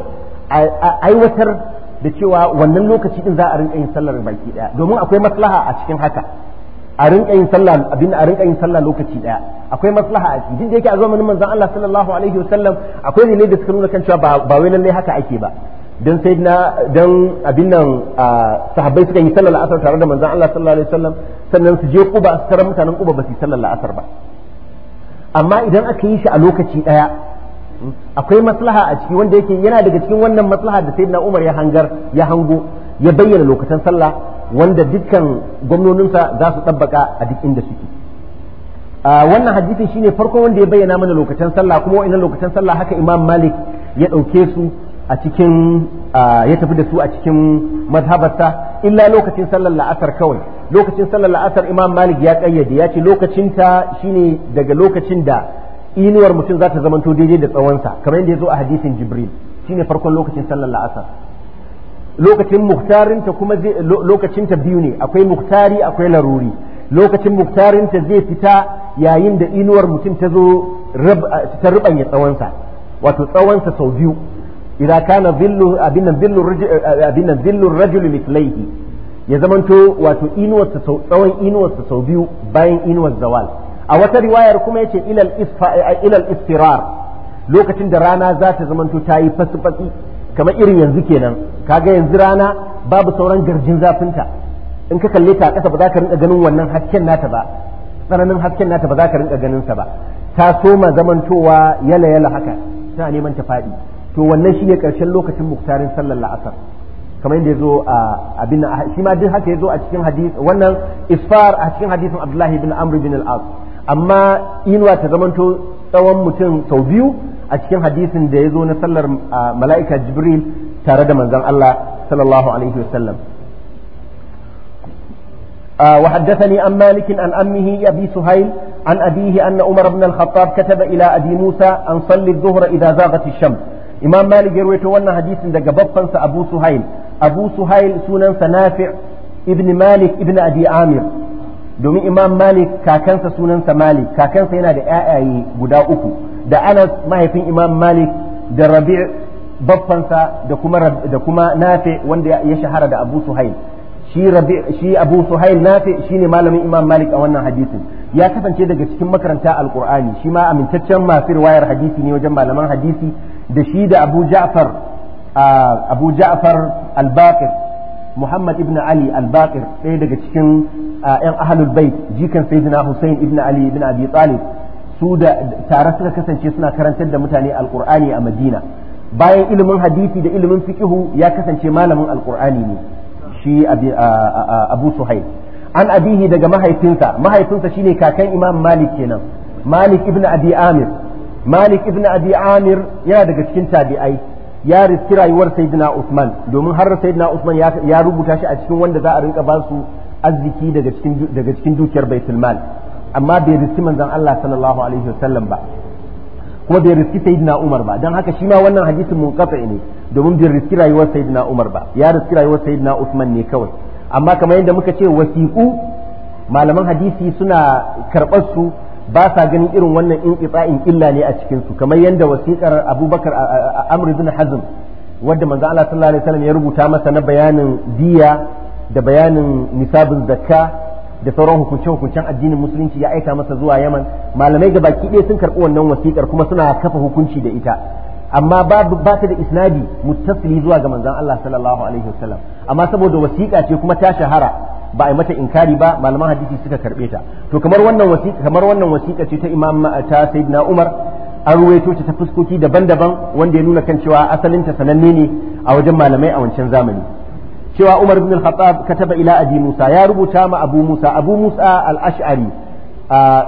aiwatar da cewa wannan lokaci din za a rinka yin sallar baki daya domin akwai maslaha a cikin haka a rinka yin sallah abin a rinka yin sallah lokaci daya akwai maslaha a cikin da yake a zamanin manzon Allah sallallahu alaihi wasallam akwai ne da suka nuna kan cewa ba wai lalle haka ake ba dan sai na dan abin nan sahabbai suka yi sallar asar tare da manzon Allah sallallahu alaihi wasallam sannan su je Quba su tarar mutanen Quba ba su yi sallar asar ba amma idan aka yi shi a lokaci daya akwai maslaha a ciki wanda yake yana daga cikin wannan maslaha da sayyidina Umar ya hangar ya hango ya bayyana lokacin sallah wanda dukkan gwamnoninsa za su tabbaka a duk inda suke wannan hadisi shine farko wanda ya bayyana mana lokacin sallah kuma wa'annan lokacin sallah haka Imam Malik ya dauke su a cikin ya tafi da su a cikin mazhabarsa illa lokacin sallar la'asar kawai lokacin sallar la'asar Imam Malik ya kayyade ya ce lokacin ta shine daga lokacin da inuwar mutum za ta zamanto daidai da tsawonsa kamar yadda ya zo a hadisin jibril shine farkon lokacin sallar la'asar lokacin muktarinta kuma zai lokacinta biyu ne akwai muktari akwai laruri lokacin muktarinta zai fita yayin da inuwar mutum ta zo ta rubanya tsawonsa wato tsawonsa sau biyu idan kana zillu abinan zillu abinan zillu rajul mithlaihi ya zamanto wato inuwar sau tsawon inuwarsa sau biyu bayan inuwar zawal a wata riwayar kuma yace ilal ilal isfirar lokacin da rana za ta zamanto ta yi fasifasi kamar irin yanzu kenan kaga yanzu rana babu sauran garjin zafinta in ka kalle ta ƙasa ba za ka rinka ganin wannan hasken nata ba tsananin hasken nata ba za ka rinka ganin sa ba ta soma zamantowa yala yala haka tana neman ta faɗi to wannan ne karshen lokacin muktarin sallar asar kamar yadda ya zo a abin shi ma duk haka ya zo a cikin hadisi wannan isfar a cikin hadisin abdullahi bin amr bin al-as amma inuwa ta zamanto tsawon mutum sau biyu a cikin hadisin da ya zo na sallar mala'ika jibril tare da manzon Allah sallallahu alaihi wasallam وحدثني عن مالك عن أمه أبي سهيل عن أبيه أن عمر بن الخطاب كتب إلى أبي موسى أن صلي الظهر إذا زاغت الشمس إمام مالك يروي تولنا حديث دقى بطنس أبو سهيل أبو سهيل سنن نافع ابن مالك ابن أبي عامر domin imam malik kakansa sunansa malik kakansa yana da yayaye guda uku da anas mahaifin imam malik da rabi' baffansa da kuma da kuma wanda ya shahara da abu suhail shi rabi shi abu suhail nafe shine malamin imam malik a wannan hadisin ya kasance daga cikin makaranta alqur'ani shi ma amintaccen masu riwayar hadisi ne wajen malaman hadisi da shi da abu ja'far abu ja'far al-baqir Muhammad ibn Ali al-Baqir ɗaya daga cikin ‘yan ahalul bait jikan Sayyidina Hussein ibn Ali ibn Abi Talib su da tare suka kasance suna karantar da mutane al alkur'ani a Madina bayan ilimin hadisi da ilimin fiqihu ya kasance malamin al alkur'ani ne shi Abu Suhaib an abihi daga mahaifinsa mahaifinsa shine kakan Imam Malik kenan Malik ibn Abi Amir Malik ibn Abi Amir yana daga cikin tabi'ai ya riski rayuwar sayyidina Usman domin har sayyidina Usman ya rubuta shi a cikin wanda za a rinka ba su arziki daga cikin dukiyar baitul mal amma bai riski manzon Allah sallallahu alaihi wasallam ba kuma bai riski sayyidina Umar ba dan haka shi ma wannan hadisin munqati ne domin bai riski rayuwar sayyidina Umar ba ya riski rayuwar sayyidina Usman ne kawai amma kamar yadda muka ce wasiqu malaman hadisi suna karɓar su ba sa ganin irin wannan in illa ne a cikinsu kamar yadda wasiƙar abubakar amr ibn hazm wadda manzo Allah sallallahu alaihi wasallam ya rubuta masa na bayanin diya da bayanin nisabin zakka da sauran hukunce-hukuncen addinin musulunci ya aika masa zuwa yaman malamai ga baki ɗaya sun karɓi wannan wasiƙar kuma suna kafa hukunci da ita amma babu ba ta da isnadi muttasili zuwa ga manzon Allah sallallahu alaihi wasallam amma saboda wasiƙa ce kuma ta shahara ba a yi mata inkari ba malaman hadisi suka karbe ta to kamar wannan wasiƙa kamar wannan wasiƙa ce ta imam ta sayyidina Umar an ruwaito ta fuskoki daban-daban wanda ya nuna kan cewa asalin ta sananne ne a wajen malamai a wancan zamani cewa Umar bin al-Khattab kataba ila Abi Musa ya rubuta ma Abu Musa Abu Musa al-Ash'ari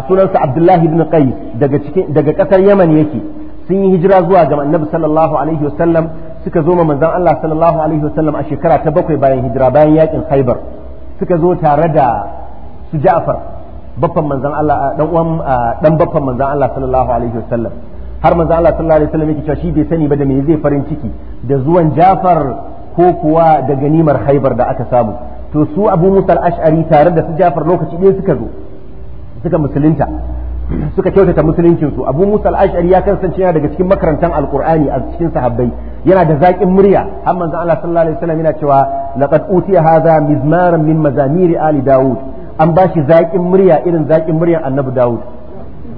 sunansa Abdullahi ibn Qais daga cikin daga kasar Yaman yake sun yi hijira zuwa ga annabi sallallahu alaihi wasallam suka zo ma manzon Allah sallallahu alaihi wasallam a shekara ta bakwai bayan hijira bayan yakin Khaibar suka zo tare da su Ja'far baffan manzon Allah dan uwan dan baffan manzon Allah sallallahu alaihi wasallam har manzon Allah sallallahu alaihi wasallam yake cewa shi bai sani ba da me zai farin ciki da zuwan Ja'far ko kuwa da ganimar Khaibar da aka samu to su Abu Musa al-Ash'ari tare da su Ja'far lokaci ɗaya suka zo suka musulunta suka kyautata musuluncin su abu musa al-ash'ari ya kasance yana daga cikin makarantan alqur'ani a cikin sahabbai yana da zaƙin murya har manzon Allah sallallahu alaihi wasallam yana cewa laqad utiya hadha mizmaran min mazamiri ali daud an bashi zaƙin murya irin zaƙin muryan annabi daud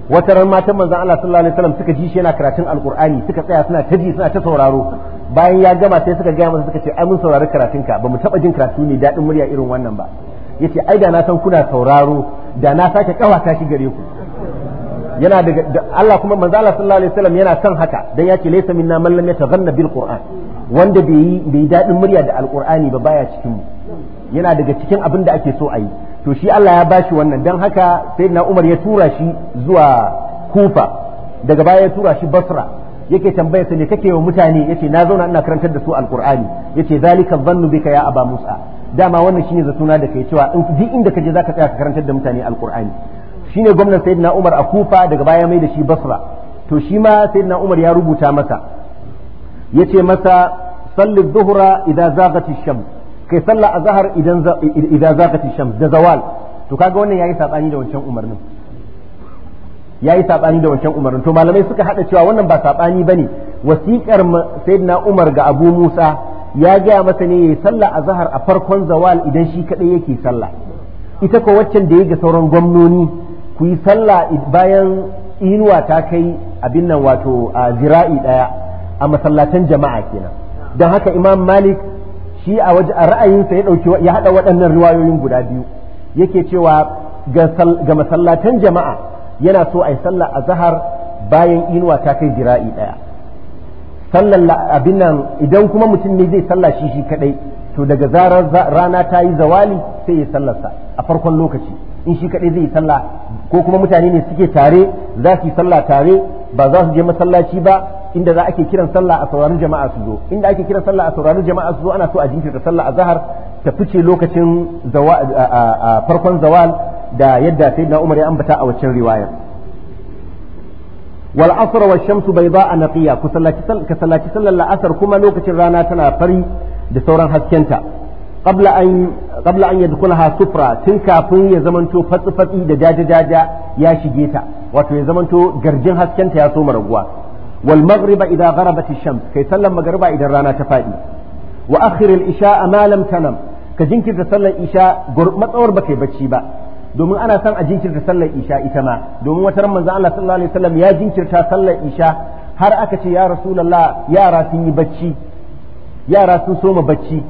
wata ran matan manzon Allah sallallahu alaihi wasallam suka ji shi yana karatun alqur'ani suka tsaya suna taji suna ta sauraro bayan ya gama sai suka gaya masa suka ce ai mun saurari karatunka bamu taba jin karatu ne daɗin murya irin wannan ba yace ai da na san kuna sauraro da na sake kawata shi gare ku yana daga Allah kuma manzo Allah sallallahu alaihi wasallam yana son haka dan yake laysa minna man lam yataghanna bil qur'an wanda bai yi bai dadin murya da alqur'ani ba baya cikin mu yana daga cikin abin da ake so a yi to shi Allah ya bashi wannan dan haka sayyidina Umar ya tura shi zuwa Kufa daga baya ya tura shi Basra yake tambaya sa ne kake wa mutane yace na zauna ina karantar da su alqur'ani yace zalika dhannu bika ya aba musa dama wannan shine zatuna da kai cewa duk inda kaje zaka tsaya ka karantar da mutane alqur'ani shine gwamnan sayyidina Umar a Kufa daga baya mai da shi Basra to shi ma sayyidina Umar ya rubuta masa yace masa salli dhuhra idza zaghat sham kai salla azhar idan idza zaghat sham da zawal to kaga wannan yayi sabani da wancan umarnin yayi sabani da wancan umarnin to malamai suka hada cewa wannan ba sabani bane wasiƙar sayyidina Umar ga Abu Musa ya gaya masa ne yayi salla azhar a farkon zawal idan shi kadai yake salla ita ko waccan da ya ga sauran gwamnoni ku yi sallah bayan inuwa ta kai abin nan wato a zira'i daya a masallatan jama'a kenan don haka imam malik shi a a ra'ayinsa ya dauki ya hada waɗannan riwayoyin guda biyu yake cewa ga masallatan jama'a yana so a yi sallah a zahar bayan inuwa ta kai zira'i ɗaya sallan abin nan idan kuma mutum ne zai sallah shi shi kadai to daga zarar rana ta yi zawali sai ya sallarsa a farkon lokaci in shi kaɗai zai yi sallah ko kuma mutane ne suke tare za su yi sallah tare ba za su je masallaci ba inda za ake kiran sallah a sauraron jama'a su zo inda ake kiran sallah a sauraron jama'a su zo ana so a jinkirta sallah a zahar ta fice lokacin farkon zawal da yadda sai na umar ya ambata a waccan riwaya wal asr wa shamsu bayda naqiya ku sallaci ka sallaci sallar la'asar kuma lokacin rana tana fari da sauran haskenta qabla an qabla yadkhulaha sufra tun kafin ya zamanto fatsi fatsi da jaja jaja ya shige ta wato ya zamanto garjin hasken ta ya soma raguwa wal maghriba idza gharabat ash-shams kai sallan magriba idan rana ta fadi wa akhir al-isha ma lam tanam ka jinkirta sallar isha matsawar baka kai bacci ba domin ana son a jinkirta sallar isha ita ma domin wata ran manzo Allah sallallahu alaihi wasallam ya jinkirta sallar isha har aka ce ya rasulullah yara sun yi bacci yara sun soma bacci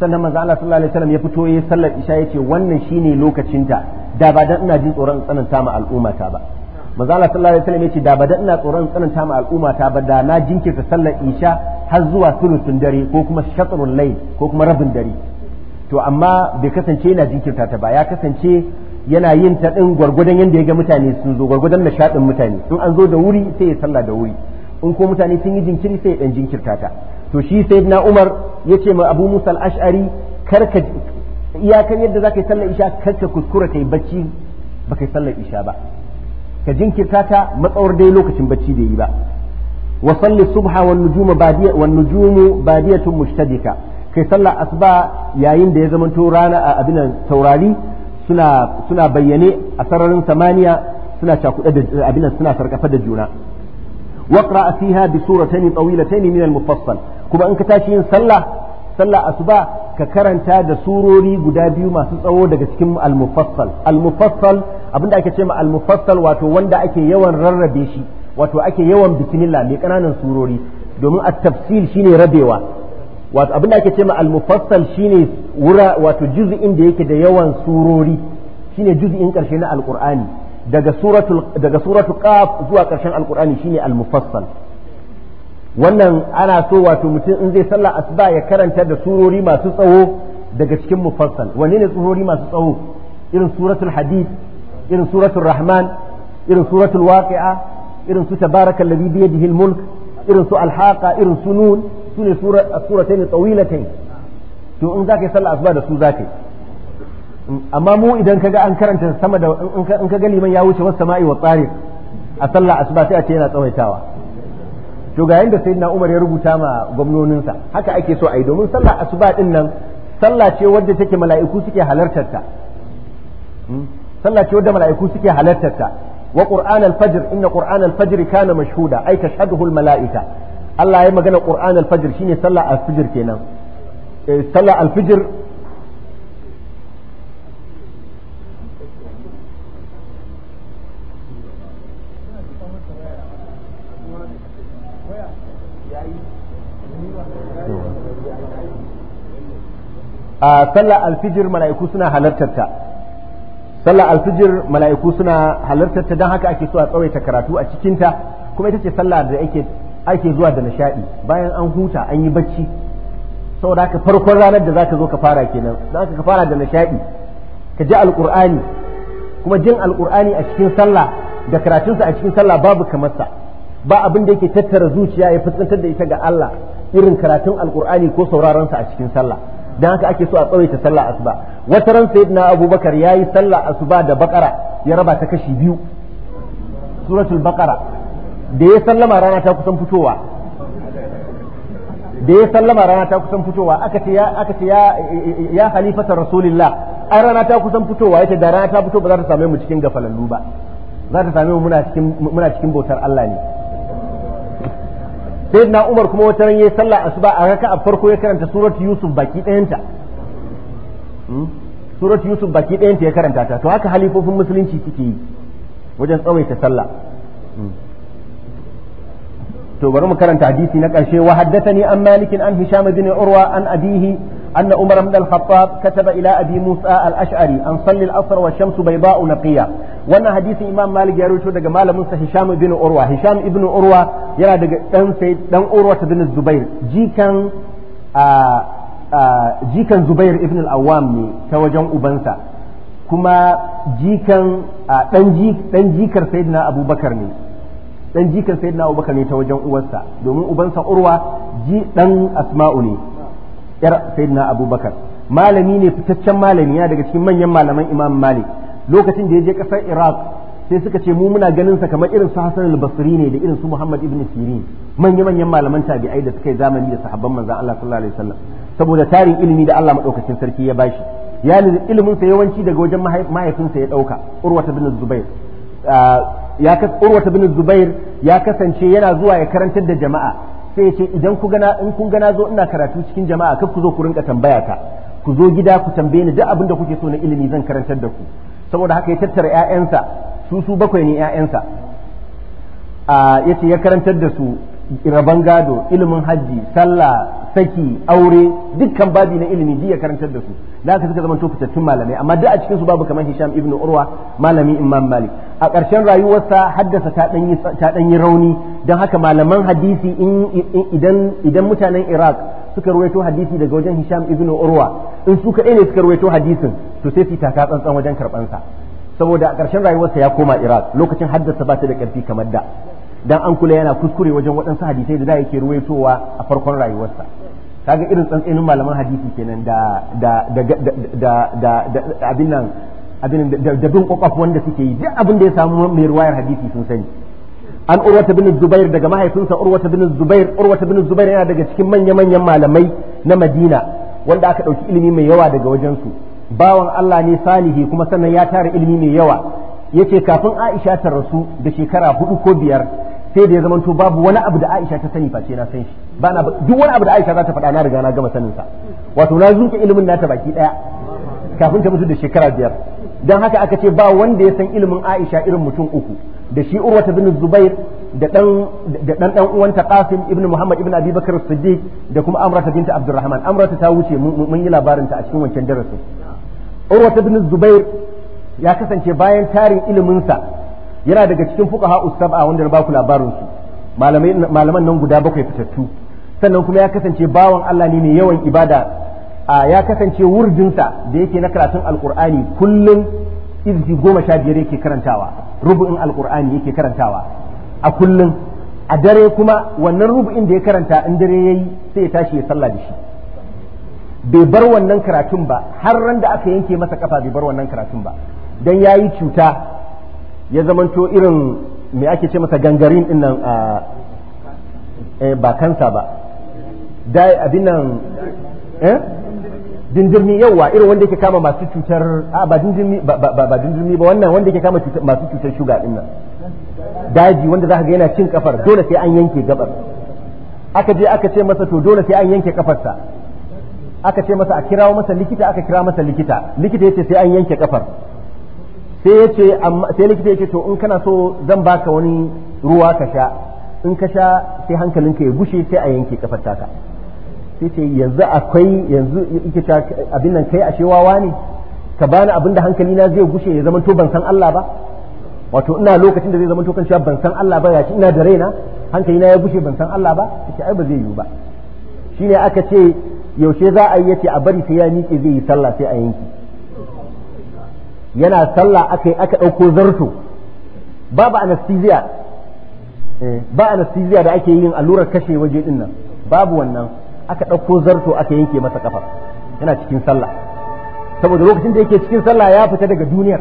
sannan manzo Allah sallallahu alaihi wasallam ya fito yayin sallar isha yace wannan shine lokacinta da ba dan ina jin tsoron tsananta ma al'umma ta ba manzo Allah sallallahu alaihi wasallam yace da ba dan ina tsoron tsananta ma al'umma ta ba da na jinkirta sallar isha har zuwa sulutun dare ko kuma shatrul layl ko kuma rabin dare to amma bai kasance yana jinkirta ta ba ya kasance yana yin ta din gwargwadon yanda ya ga mutane sun zo gwargwadon nishadin mutane in an zo da wuri sai ya salla da wuri in ko mutane sun yi jinkiri sai ya dan jinkirta ta to shi na Umar yace ma Abu Musa al-Ash'ari karka iyakan yadda zaka yi sallar isha karka kuskura kai bacci baka yi sallar isha ba ka jinkirta ta matsawar dai lokacin bacci da yi ba wa salli subha wan nujumu badiya wan nujumu badiyatun mushtadika kai sallar asuba yayin da ya zamanto rana a abin taurari suna suna bayyane a sararin samaniya suna cakuɗe da abinan suna sarkafa da juna واقرأ فيها بسورتين طويلتين من المفصل kuma in ka tashi yin sallah sallah asuba ka karanta da surori guda biyu masu tsawo daga cikin al-mufassal al-mufassal abinda ake ce ma al-mufassal wato wanda ake yawan rarrabe shi wato ake yawan bismillah mai kananan surori domin at-tafsil shine rabewa wato abinda ake ce ma al-mufassal shine wura wato juz'in da yake da yawan surori shine juz'in karshe na al-qur'ani daga suratul daga suratul qaf zuwa karshen al-qur'ani shine al-mufassal wannan ana so wato mutum in zai sallah asuba ya karanta da surori masu tsawo daga cikin mufassal wanne ne surori masu tsawo irin suratul hadid irin suratul rahman irin suratul waqi'a irin su tabarakal ladhi bi yadihi mulk irin su alhaqa irin su nun su ne suratayn tawilatain to in zaka yi sallah asuba da su zaka amma mu idan kaga an karanta sama da in kaga liman ya wuce wasu sama'i wa tsari a sallah asuba sai a ce yana tsawaitawa to ga yanda Umar ya rubuta ma gwamnoninsa haka ake so a yi domin sallah asuba din nan sallah ce wadda take mala'iku suke halartarta hmm? sallah ce wadda mala'iku suke halartarta. wa qur'an al-fajr inna qur'an al-fajr kana mashhuda ay tashhaduhu al-mala'ika Allah ya magana qur'an al-fajr shine sallah al-fajr kenan eh, sallah al-fajr a sallar alfijir mala'iku suna halartar ta sallar alfijir mala'iku suna halartar ta don haka ake so a tsawaita karatu a cikin ta kuma ita ce sallar da ake ake zuwa da nishadi bayan an huta an yi bacci saboda haka farkon ranar da zaka zo ka fara kenan don haka ka fara da nishadi ka ji alqur'ani kuma jin alqur'ani a cikin sallah da karatun sa a cikin sallah babu kamar sa ba abin da yake tattara zuciya ya fuskantar da ita ga Allah irin karatun alqur'ani ko sauraron sa a cikin sallah dan haka ake so a tsawaita sallah asuba wata ran sayyidina abubakar yayi sallah asuba da bakara ya raba ta kashi biyu suratul bakara da ya sallama rana ta kusan fitowa da ya sallama rana ta kusan fitowa aka ce ya aka ce ya ya khalifata rasulillah ai rana ta kusan fitowa yace da rana ta fito ba za ta same mu cikin gafalallu ba za ta same mu muna cikin muna cikin bautar Allah ne sayyidina Umar kuma wata ran yayi sallah asuba a raka'a farko ya karanta suratu Yusuf baki dayanta hmm? suratu Yusuf baki dayanta ya karanta ta to haka halifofin musulunci suke yi wajen tsawaita sallah hmm. to bari mu karanta hadisi na ƙarshe wa haddathani an malikin an hisham bin urwa an abihi أن عمر بن الخطاب كتب إلى أبي موسى الأشعري أن صلي العصر والشمس بيضاء نقية وأن حديث إمام مالك يروي شو دقا مال موسى هشام بن أروى هشام ابن أروى yana daga dan sai dan ta bin zubair jikan jikan zubair ibn al-awwam ne ta wajen ubansa kuma jikan ɗan jikar sayyidina abubakar ne dan jikan sayyidina abubakar ne ta wajen uwarsa domin ubansa urwa ji ɗan asma'u ne yar sayyidina abubakar malami ne fitaccen malami ya daga cikin manyan malaman imam malik lokacin da ya je ƙasar iraq sai suka ce mu muna ganin sa kamar irin su Hassan al-Basri ne da irin su Muhammad ibn Sirin manya manyan malaman tabi'ai da suka yi zamani da sahabban manzon Allah sallallahu alaihi wasallam saboda tarin ilimi da Allah madaukakin sarki ya bashi ya ilimin sa yawanci daga wajen mahaifinsa ya dauka Urwata bin Zubair ah, ya Urwata bin Zubair ya kasance yana zuwa ya karantar da jama'a sai ya ce idan ku gana in kun gana zo ina karatu cikin jama'a kar ku zo ku rinka tambaya ta ku zo gida ku tambaye ni duk abin da kuke so na ilimi zan karantar da ku saboda haka ya tattara 'ya'yansa su su bakwai ne ‘ya'yansa ya ce ya karantar da su rabon gado ilimin hajji sallah saki aure dukkan babi na ilimi ji ya karantar da su da aka suka zama to fitattun malamai amma duk a cikin su babu kamar Hisham ibn Urwa malami Imam Malik a ƙarshen rayuwarsa haddasa ta ɗan yi rauni don haka malaman hadisi idan mutanen Iraq suka ruwaito hadisi daga wajen Hisham ibn Urwa in su kaɗai ne suka ruwaito hadisin to sai su taka tsantsan wajen karɓansa saboda a ƙarshen rayuwarsa ya koma iraq lokacin haddasa ba ta da ƙarfi kamar da dan an kula yana kuskure wajen waɗansu hadisai da da yake ruwaitowa a farkon rayuwarsa kaga irin tsantsenin malaman hadisi kenan da da da da da abin nan abin da bin kokof wanda suke yi duk abin da ya samu mai ruwayar hadisi sun sani an urwata bin zubair daga mahaifinsa urwata bin zubair urwata bin zubair yana daga cikin manya manyan malamai na madina wanda aka ɗauki ilimi mai yawa daga wajensu bawan Allah ne salihi kuma sannan ya tara ilimi mai yawa yace kafin Aisha ta rasu da shekara hudu ko biyar sai da ya zamanto babu wani abu da Aisha ta sani face na san shi ba na duk wani abu da Aisha za ta faɗa na riga na gama sanin sa wato na zuke ilimin nata baki daya kafin ta mutu da shekara biyar dan haka aka ce ba wanda ya san ilimin Aisha irin mutum uku da shi Urwata bin Zubair da dan da dan dan uwanta Qasim ibn Muhammad ibn Abi Bakr Siddiq da kuma Amrata binta Abdurrahman Amrata ta wuce mun yi labarin ta a cikin wancan darasin urwa bin zubair ya kasance bayan tarin iliminsa yana daga cikin fuqaha usaba wanda na baku labarin su malaman nan guda bakwai fitattu sannan kuma ya kasance bawan Allah ne mai yawan ibada ya kasance wurdinsa da yake na karatun al'kur'ani kullum izgi goma sha biyar yake karantawa rubu'in al'kur'ani yake karantawa a kullum a dare kuma wannan rubu'in da ya karanta in dare ya yi sai ya tashi ya sallah da shi bai bar wannan karatun ba har ran da aka yanke masa kafa bai bar wannan karatun ba dan yayi cuta ya zamanto irin me ake ce masa gangarin din nan eh, ba kansa ba da abin nan eh dindirmi yawa irin wanda yake kama masu cutar a ba dindirmi ba dindirmi ba wannan wanda yake kama masu cutar shuga din nan daji wanda zaka ga yana cin kafar dole sai an yanke gabar aka je aka ce masa to dole sai an yanke kafarsa aka ce masa a kirawo masa likita aka kira masa likita likita yace sai an yanke kafar sai yace amma sai likita yace to in kana so zan baka wani ruwa ka sha in ka sha sai hankalinka ya gushe sai a yanke kafar taka sai ce yanzu akwai yanzu yake abin nan kai ashe wawa ne ka bani abin da hankali na zai gushe ya zama to ban san Allah ba wato ina lokacin da zai zama to kan cewa ban san Allah ba yaci ina da raina hankali na ya gushe ban san Allah ba sai ai ba zai yiwu ba shine aka ce yaushe za a yi yace a bari sai ya miƙe zai yi sallah sai a yanki yana sallah aka aka ɗauko zarto babu anesthesia eh, ba anesthesia da ake yin allurar kashe waje din nan babu wannan aka ɗauko zarto aka yanke masa kafa yana cikin sallah saboda lokacin da yake cikin sallah ya fita daga duniyar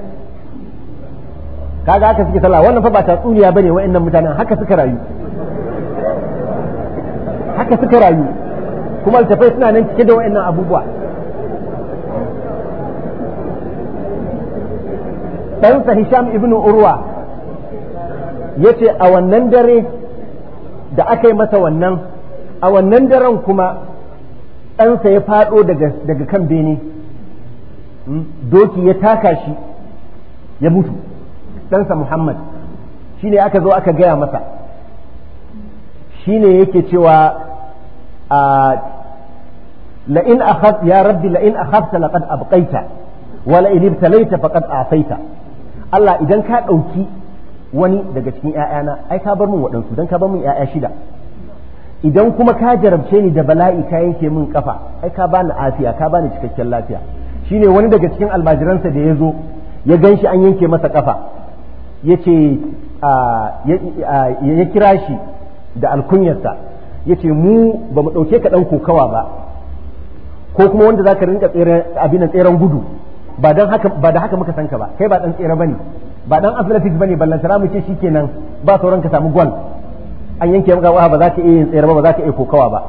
kaga aka suke sallah wannan fa ba tatsuniya bane wa'annan mutanen haka suka rayu haka suka rayu kuma littafai suna nan cike da wa'annan abubuwa ɗansa hisham ibn urwa ya ce a wannan dare da aka yi masa wannan a wannan daren kuma ɗansa ya faɗo daga kan bene hmm? doki ya taka shi ya mutu ɗansa muhammad shi ne aka zo aka gaya masa shi ne yake cewa a la in akhaf ya rabbi la in akhafta a abqaita wa la in ibtalaita faqad a'taita Allah idan ka dauki wani daga cikin ƴaƴana ai ka bar min waɗansu dan ka bar min shida idan kuma ka jarabce ni da bala'i ka yanke min kafa ai ka bani afiya ka bani cikakken lafiya shine wani daga cikin almajiransa da ya zo ya ganshi an yanke masa kafa ya ya kira shi da alkunyarsa yace mu bamu mu ɗauke ka dan kokawa ba ko kuma wanda zaka rinka tsere abin nan tseren gudu ba haka da haka muka san ka ba kai ba dan tsere bane ba dan athletics bane ballantana mu ce shikenan ba sauran ka samu gwal an yanke maka wa ba za ka iya yin tsere ba ba za ka iya kokawa ba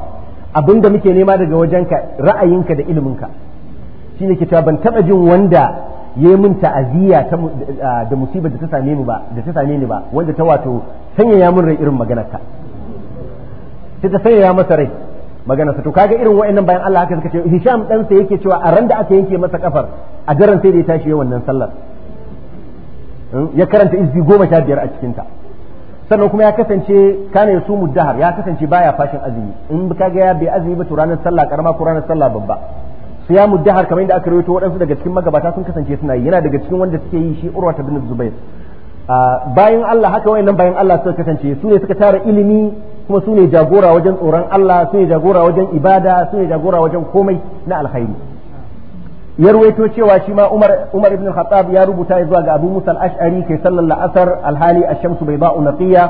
abinda muke nema daga wajenka ra'ayinka da iliminka shine ke cewa ban taba jin wanda ya yi min ta'aziyya da musibar da ta same ni ba da ta same ni ba wanda ta wato sanya ya mun rai irin maganarka, ka sai ta sanyaya masa rai magana sa to kaga irin wa'annan bayan Allah haka suka ce Hisham sa yake cewa a ran da aka yanke masa kafar a daren sai da ya tashi wannan sallar hmm? ya karanta izbi goma sha biyar a cikinta sannan kuma ya kasance kana ya muddahar ya kasance baya fashin azumi in ka ga ya bai azumi ba to ranar sallah karama ko ranar sallah babba ya muddahar kamar yadda aka rawaito waɗansu daga cikin magabata sun kasance suna yi yana daga cikin wanda suke yi shi ta bin zubair ah, bayan Allah haka wayannan bayan Allah suka kasance su ne suka tara ilimi kuma sune jagora wajen tsoron Allah sune jagora wajen ibada sune jagora wajen komai na alkhairi ya ruwaito cewa shi ma Umar Umar ibn Khattab ya rubuta zuwa ga Abu Musa al-Ash'ari kai sallar la'asar alhali ash-shamsu bayda'u naqiya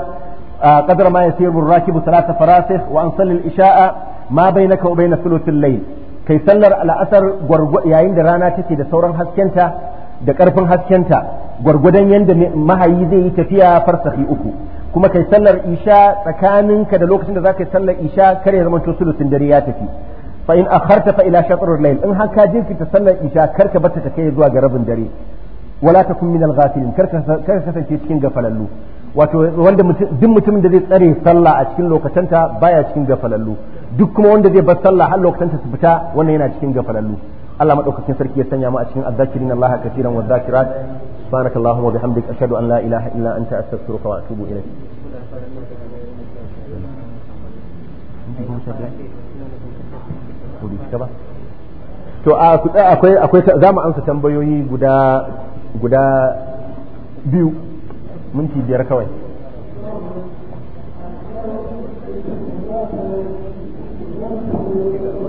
qadra ma yasiru ar-rakibu salasa farasikh wa an salli ishaa ma bainaka wa bayna thuluthi al-layl kai sallar la'asar yayin da rana take da sauran haskenta da karfin haskenta gwargwadon yadda mahayi zai yi tafiya farsahi uku kuma kai sallar isha tsakaninka da lokacin da zaka yi sallar isha kar ya zama to sulusin dare ya tafi fa in akharta fa ila shatrul layl in har ka jinkirta sallar isha kar ka bata ta kai zuwa ga rabin dare wala takun min al-ghafilin kar ka kasance cikin gafalallu wato wanda duk mutumin da zai tsare sallah a cikin lokacanta baya cikin gafalallu duk kuma wanda zai bar sallah har lokacinta su fita wannan yana cikin gafalallu Allah madaukakin sarki ya sanya mu a cikin azzakirin Allah kafiran wa zakirat سبحانك اللهم وبحمدك أشهد أن لا إله إلا أنت أستغفرك وأتوب إليك to akwai akwai za mu amsa tambayoyi guda guda biyu minti biyar kawai Thank you.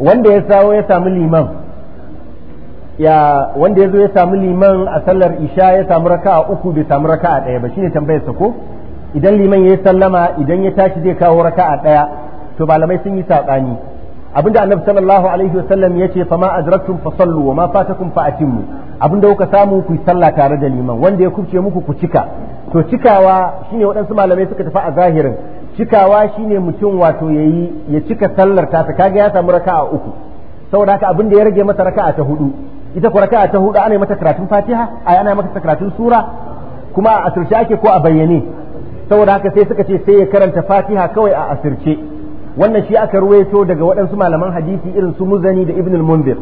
wanda ya sawo ya samu liman ya wanda ya zo ya samu liman a sallar isha ya samu raka a uku bai samu raka a ɗaya ba shine tambayar sa ko idan liman ya sallama idan ya tashi zai kawo raka a ɗaya to malamai sun yi saɓani abinda annabi sallallahu alaihi wasallam ya ce fama adraktum fa sallu wa ma fatakum fa atimmu abinda kuka samu ku sallah tare da liman wanda ya kubce muku ku cika to cikawa shine waɗansu malamai suka tafi a zahirin cikawa shine mutum wato yayi ya cika sallar ta kaga ya samu raka'a uku saboda haka abin da ya rage masa raka'a ta hudu ita ko raka'a ta hudu ana yi mata karatun Fatiha ai ana yi mata karatun sura kuma a asirce ake ko a bayyane saboda haka sai suka ce sai ya karanta Fatiha kawai a asirce wannan shi aka ruwaito daga waɗansu malaman hadisi irin su Muzani da Ibn al-Munzir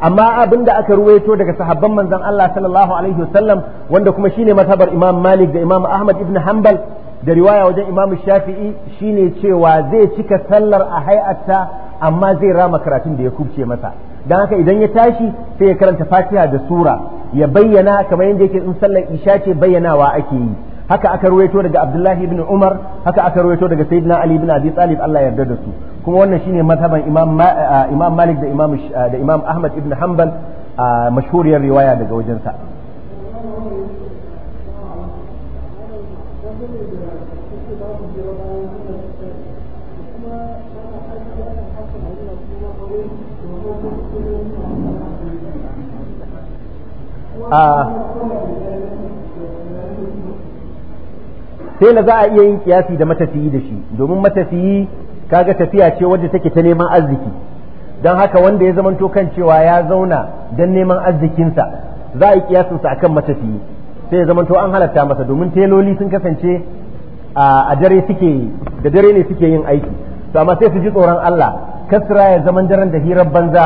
amma abin da aka ruwaito daga sahabban manzon Allah sallallahu alaihi wasallam wanda kuma shine mazhabar Imam Malik da Imam Ahmad ibn Hanbal da riwaya wajen imamu shafi'i shine cewa zai cika sallar a hay'atta amma zai rama karatun da ya kubce masa don haka idan ya tashi sai ya karanta fatiha da sura ya bayyana kamar yadda yake in sallar isha ce bayyanawa ake yi haka aka ruwaito daga abdullahi ibn umar haka aka ruwaito daga sayyidina ali bin abi talib Allah yarda da su kuma wannan shine mazhaban imam imam malik da imam da imam ahmad ibn hanbal mashhuriyar riwaya daga wajensa sai na za a iya yin kiyasi da matafiyi da shi domin matafiyi kaga tafiya ce wadda take ta neman arziki don haka wanda ya zamanto kan cewa ya zauna don neman arzikinsa za a yi kiyasinsa kan matafiyi sai ya zamanto an halatta masa domin teloli sun kasance a dare suke da dare ne suke yin aiki to amma sai su ji tsoron Allah kasra ya zaman daren da hirar banza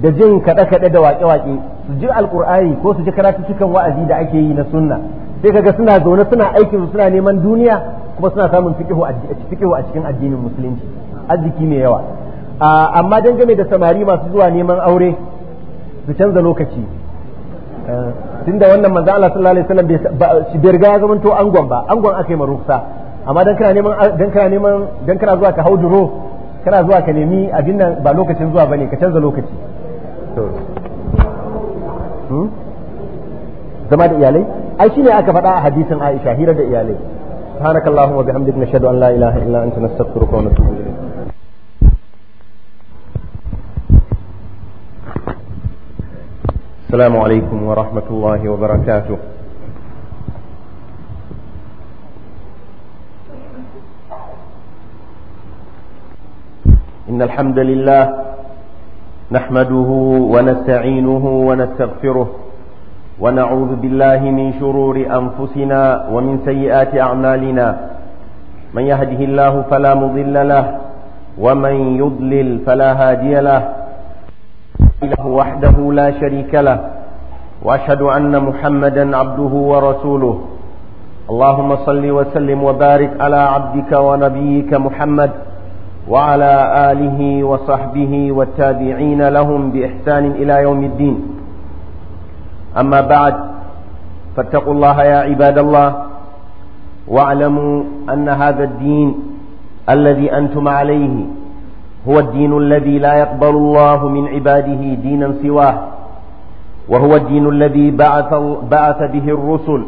da jin kaɗe-kaɗe da waƙe-waƙe su ji alƙur'ani ko su ji cikin wa'azi da ake yi na sunna sai kaga suna zaune suna aikin su suna neman duniya kuma suna samun fiqihu a cikin addinin musulunci arziki mai yawa amma dangane da samari masu zuwa neman aure su canza lokaci eh, tunda wannan manzo Allah sallallahu alaihi wasallam bai riga ya zamanto angon ba angon aka yi maruksa amma dan kana neman dan kana neman dan kana zuwa ka hauduro kana zuwa ka nemi abin nan ba lokacin zuwa bane ka canza lokaci Betul. Hmm? Zama da iyalai? Ai shi ne aka faɗa a سبحانك اللهم وبحمدك نشهد ان لا اله الا انت نستغفرك ونتوب اليك السلام عليكم ورحمة الله وبركاته إن الحمد لله نحمده ونستعينه ونستغفره ونعوذ بالله من شرور أنفسنا ومن سيئات أعمالنا من يهده الله فلا مضل له ومن يضلل فلا هادي له إله وحده لا شريك له وأشهد أن محمدا عبده ورسوله اللهم صل وسلم وبارك على عبدك ونبيك محمد وعلى آله وصحبه والتابعين لهم بإحسان إلى يوم الدين أما بعد فاتقوا الله يا عباد الله واعلموا أن هذا الدين الذي أنتم عليه هو الدين الذي لا يقبل الله من عباده دينا سواه وهو الدين الذي بعث, بعث به الرسل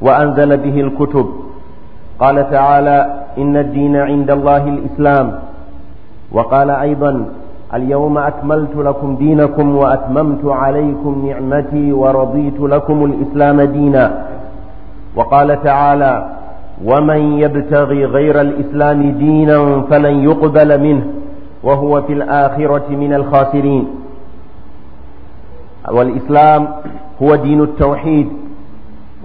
وأنزل به الكتب قال تعالى إن الدين عند الله الإسلام وقال أيضا اليوم أكملت لكم دينكم وأتممت عليكم نعمتي ورضيت لكم الإسلام دينا وقال تعالى ومن يبتغي غير الإسلام دينا فلن يقبل منه وهو في الآخرة من الخاسرين والإسلام هو دين التوحيد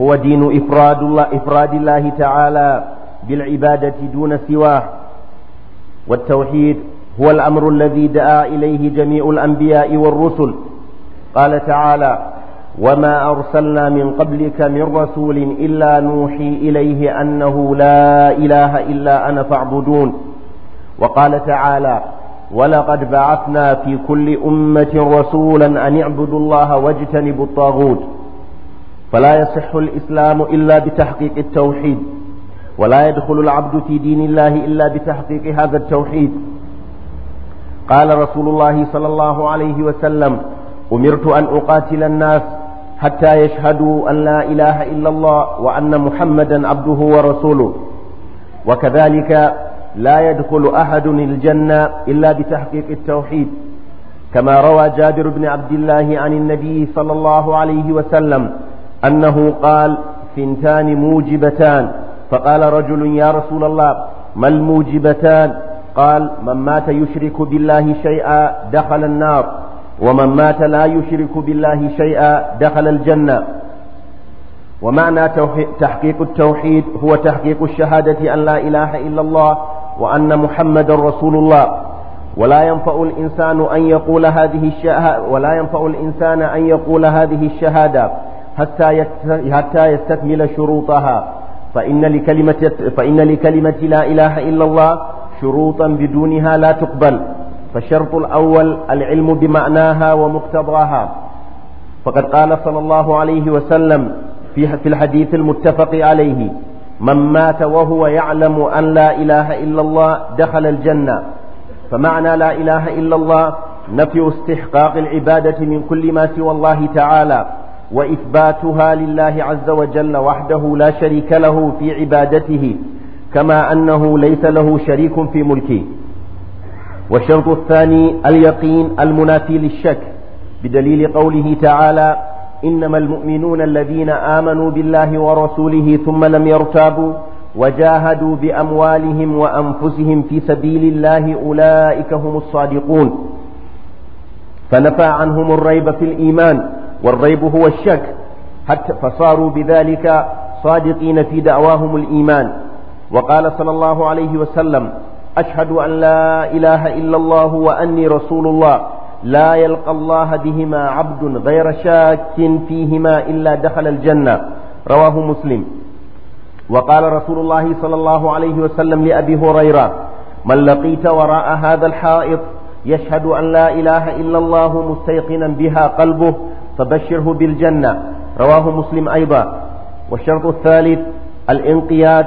هو دين إفراد الله, إفراد الله تعالى بالعبادة دون سواه والتوحيد هو الأمر الذي دعا إليه جميع الأنبياء والرسل قال تعالى وما أرسلنا من قبلك من رسول إلا نوحي إليه أنه لا إله إلا أنا فاعبدون وقال تعالى ولقد بعثنا في كل أمة رسولا أن اعبدوا الله واجتنبوا الطاغوت فلا يصح الإسلام إلا بتحقيق التوحيد ولا يدخل العبد في دين الله إلا بتحقيق هذا التوحيد قال رسول الله صلى الله عليه وسلم أمرت أن أقاتل الناس حتى يشهدوا أن لا إله إلا الله وأن محمدا عبده ورسوله وكذلك لا يدخل أحد الجنة إلا بتحقيق التوحيد كما روى جابر بن عبد الله عن النبي صلى الله عليه وسلم أنه قال ثنتان موجبتان فقال رجل يا رسول الله ما الموجبتان قال من مات يشرك بالله شيئا دخل النار ومن مات لا يشرك بالله شيئا دخل الجنة ومعنى تحقيق التوحيد هو تحقيق الشهادة أن لا إله إلا الله وأن محمد رسول الله ولا ينفع الإنسان أن يقول هذه ولا ينفع الإنسان أن يقول هذه الشهادة حتى حتى يستكمل شروطها فإن لكلمة, فإن لكلمة لا إله إلا الله شروطا بدونها لا تقبل فالشرط الأول العلم بمعناها ومقتضاها فقد قال صلى الله عليه وسلم في في الحديث المتفق عليه من مات وهو يعلم أن لا إله إلا الله دخل الجنة فمعنى لا إله إلا الله نفي استحقاق العبادة من كل ما سوى الله تعالى وإثباتها لله عز وجل وحده لا شريك له في عبادته كما أنه ليس له شريك في ملكه والشرط الثاني اليقين المنافي للشك بدليل قوله تعالى إنما المؤمنون الذين آمنوا بالله ورسوله ثم لم يرتابوا وجاهدوا بأموالهم وأنفسهم في سبيل الله أولئك هم الصادقون فنفى عنهم الريب في الإيمان والريب هو الشك حتى فصاروا بذلك صادقين في دعواهم الإيمان وقال صلى الله عليه وسلم أشهد أن لا إله إلا الله وأني رسول الله لا يلقى الله بهما عبد غير شاك فيهما إلا دخل الجنة رواه مسلم وقال رسول الله صلى الله عليه وسلم لأبي هريرة من لقيت وراء هذا الحائط يشهد أن لا إله إلا الله مستيقنا بها قلبه فبشره بالجنة رواه مسلم أيضا والشرط الثالث الانقياد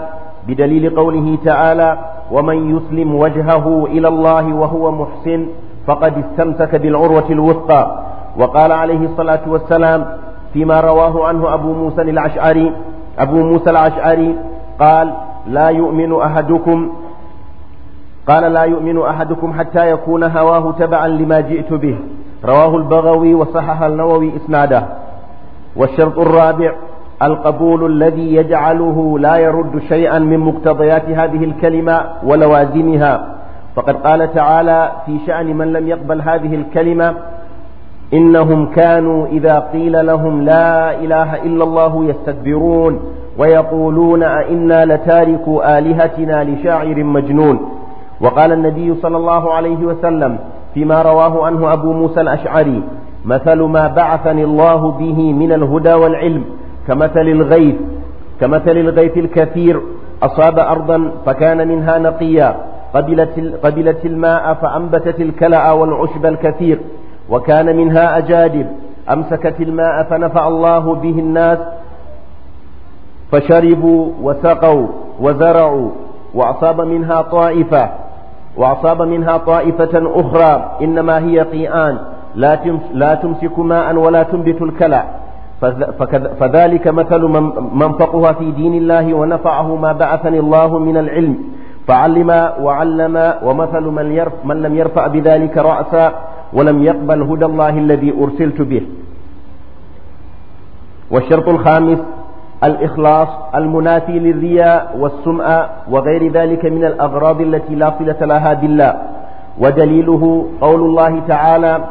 بدليل قوله تعالى ومن يسلم وجهه إلى الله وهو محسن فقد استمسك بالعروة الوثقى وقال عليه الصلاة والسلام فيما رواه عنه أبو موسى الأشعري أبو موسى الأشعري قال لا يؤمن أحدكم قال لا يؤمن أحدكم حتى يكون هواه تبعا لما جئت به رواه البغوي وصحح النووي إسناده والشرط الرابع القبول الذي يجعله لا يرد شيئا من مقتضيات هذه الكلمة ولوازمها فقد قال تعالى في شأن من لم يقبل هذه الكلمة إنهم كانوا إذا قيل لهم لا إله إلا الله يستكبرون ويقولون أئنا لتاركوا آلهتنا لشاعر مجنون وقال النبي صلى الله عليه وسلم فيما رواه عنه أبو موسى الأشعري مثل ما بعثني الله به من الهدى والعلم كمثل الغيث كمثل الغيث الكثير أصاب أرضا فكان منها نقيا قبلت, قبلت الماء فأنبتت الكلأ والعشب الكثير وكان منها أجادب أمسكت الماء فنفع الله به الناس فشربوا وسقوا وزرعوا وأصاب منها طائفة وأصاب منها طائفة أخرى إنما هي قيآن لا تمسك ماء ولا تنبت الكلى فذلك مثل من فقه في دين الله ونفعه ما بعثني الله من العلم فعلم وعلم ومثل من, يرف من لم يرفع بذلك رأسا ولم يقبل هدى الله الذي أرسلت به والشرط الخامس الإخلاص المنافي للرياء والسمعة وغير ذلك من الأغراض التي لا صلة لها بالله ودليله قول الله تعالى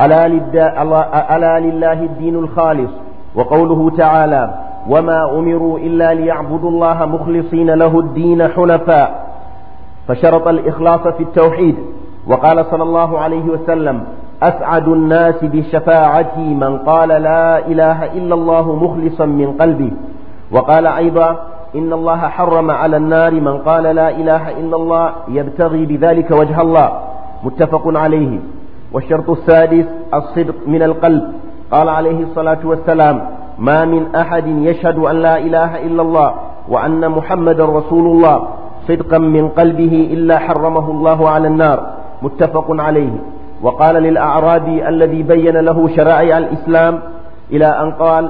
ألا لله الدين الخالص وقوله تعالى وما أمروا إلا ليعبدوا الله مخلصين له الدين حنفاء فشرط الإخلاص في التوحيد وقال صلى الله عليه وسلم أسعد الناس بشفاعتي من قال لا إله إلا الله مخلصا من قلبه وقال أيضا إن الله حرم على النار من قال لا إله إلا الله يبتغي بذلك وجه الله متفق عليه والشرط السادس الصدق من القلب قال عليه الصلاة والسلام ما من أحد يشهد أن لا إله إلا الله وأن محمد رسول الله صدقا من قلبه إلا حرمه الله على النار متفق عليه وقال للأعرابي الذي بين له شرائع الإسلام إلى أن قال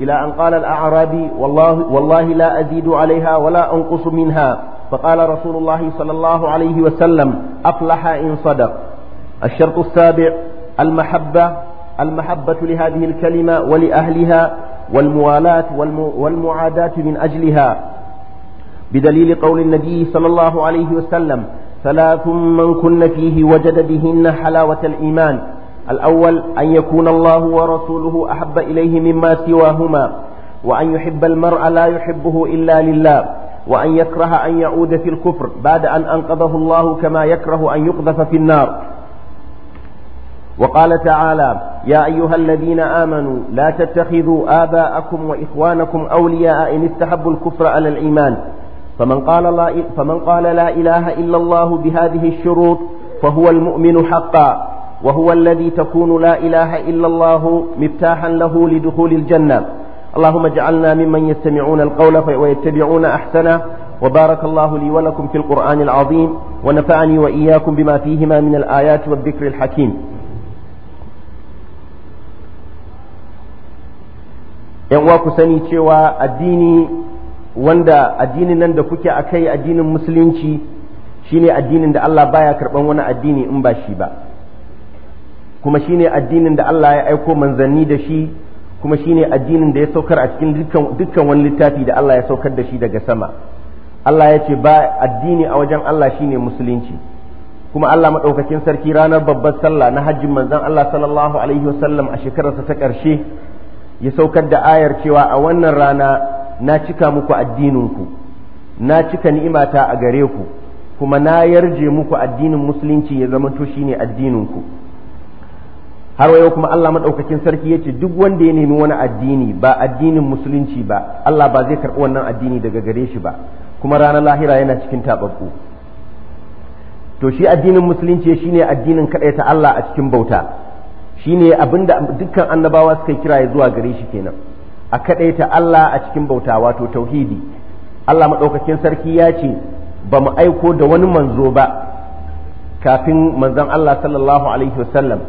إلى أن قال الأعرابي والله, والله لا أزيد عليها ولا أنقص منها فقال رسول الله صلى الله عليه وسلم أفلح إن صدق الشرط السابع المحبة المحبة لهذه الكلمة ولأهلها والموالاة والمعاداة من أجلها بدليل قول النبي صلى الله عليه وسلم ثلاث من كن فيه وجد بهن حلاوة الإيمان الأول أن يكون الله ورسوله أحب إليه مما سواهما وأن يحب المرء لا يحبه إلا لله وأن يكره أن يعود في الكفر بعد أن أنقذه الله كما يكره أن يقذف في النار وقال تعالى يا أيها الذين آمنوا لا تتخذوا آباءكم وإخوانكم أولياء إن استحبوا الكفر على الإيمان فمن قال, لا فمن قال لا إله إلا الله بهذه الشروط فهو المؤمن حقا وهو الذي تكون لا إله إلا الله مفتاحا له لدخول الجنة اللهم اجعلنا ممن يستمعون القول ويتبعون أحسنه وبارك الله لي ولكم في القرآن العظيم ونفعني وإياكم بما فيهما من الآيات والذكر الحكيم ‘Yan سنيتي والديني cewa addini wanda addinin nan da kuke a kai addinin musulunci shine addinin da Allah baya karban wani addini in ba shi ba kuma shine addinin da Allah ya aiko manzanni da shi kuma shine addinin da ya saukar a cikin dukkan wani littafi da Allah ya saukar da shi daga sama Allah ya ce ba addini a wajen Allah shine musulunci kuma Allah maɗaukakin sarki ranar babbar sallah na hajjin manzan Allah sallallahu alaihi wasallam a shekararsa ta ƙarshe ya saukar da ayar cewa a wannan rana na cika muku addininku na cika ni'imata a gare ku kuma na yarje muku addinin musulunci ya zama to shine addininku har wayo kuma Allah madaukakin sarki ya ce duk wanda ya nemi wani addini ba addinin musulunci ba Allah ba zai karɓi wannan addini daga gare shi ba kuma ranar lahira yana cikin tababbu to shi addinin musulunci shine addinin ta Allah a cikin bauta shine abinda dukkan annabawa suka kira ya zuwa gare shi kenan a kaɗaita Allah a cikin bauta wato tauhidi Allah maɗaukakin sarki ya ce ba mu aiko da wani manzo ba kafin manzon Allah sallallahu alaihi wasallam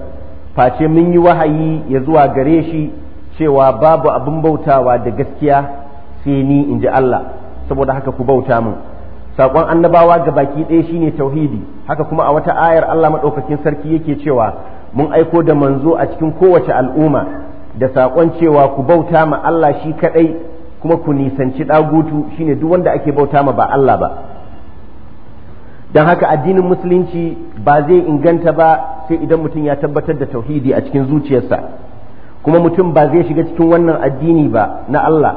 face mun yi wahayi ya zuwa gare shi cewa babu abin bautawa da gaskiya sai ni in ji Allah saboda haka ku bauta min saƙon annabawa ga baki ɗaya shine tauhidi haka kuma a wata ayar Allah maɗaukakin sarki yake cewa mun aiko da manzo a cikin kowace al'umma da saƙon cewa ku bauta ma Allah shi kaɗai kuma ku nisanci ɗagutu shi ne duk wanda ake bauta ma ba Allah ba don haka addinin musulunci ba zai inganta ba sai idan mutum ya tabbatar da tauhidi a cikin zuciyarsa kuma mutum ba zai shiga cikin wannan addini ba na Allah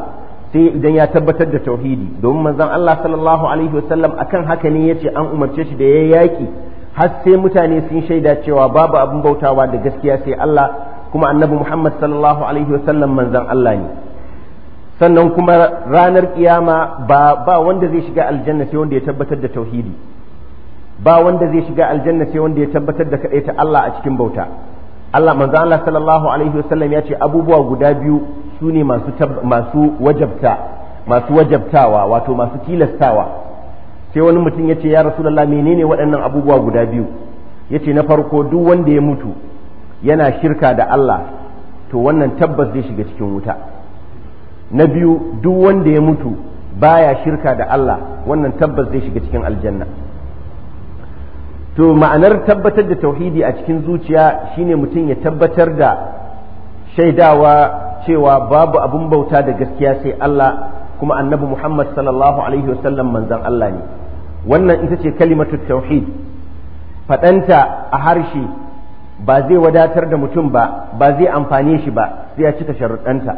sai idan ya tabbatar da tauhidi domin manzon Allah sallallahu alaihi wasallam akan haka ne ya ce an umarce shi da yayi yaki har sai mutane sun shaida cewa babu abin bautawa da gaskiya sai Allah kuma annabi Muhammad sallallahu alaihi wasallam manzan Allah ne sannan kuma ranar kiyama ba ba wanda zai shiga aljanna sai wanda ya tabbatar da tauhidi ba wanda zai shiga aljanna sai wanda ya tabbatar da kadaita Allah a cikin bauta Allah manzan Allah sallallahu alaihi wasallam ya ce abubuwa guda biyu su ne masu masu wajabta masu wajabtawa wato masu tilastawa sai wani mutum ya ce ya rasulullah menene waɗannan abubuwa guda biyu ya ce na farko duk wanda ya mutu yana shirka da Allah to wannan tabbas zai shiga cikin wuta na biyu duk wanda ya mutu baya shirka da Allah wannan tabbas zai shiga cikin aljanna to ma'anar tabbatar da tauhidi a cikin zuciya shine mutum ya tabbatar da shaidawa cewa babu abin bauta da gaskiya sai Allah kuma annabi Muhammad sallallahu alaihi wasallam manzon Allah ne wannan ita ce kalimatu tauhid fadanta a harshe ba zai wadatar da mutum ba ba zai amfane shi ba sai ya cika sharuɗanta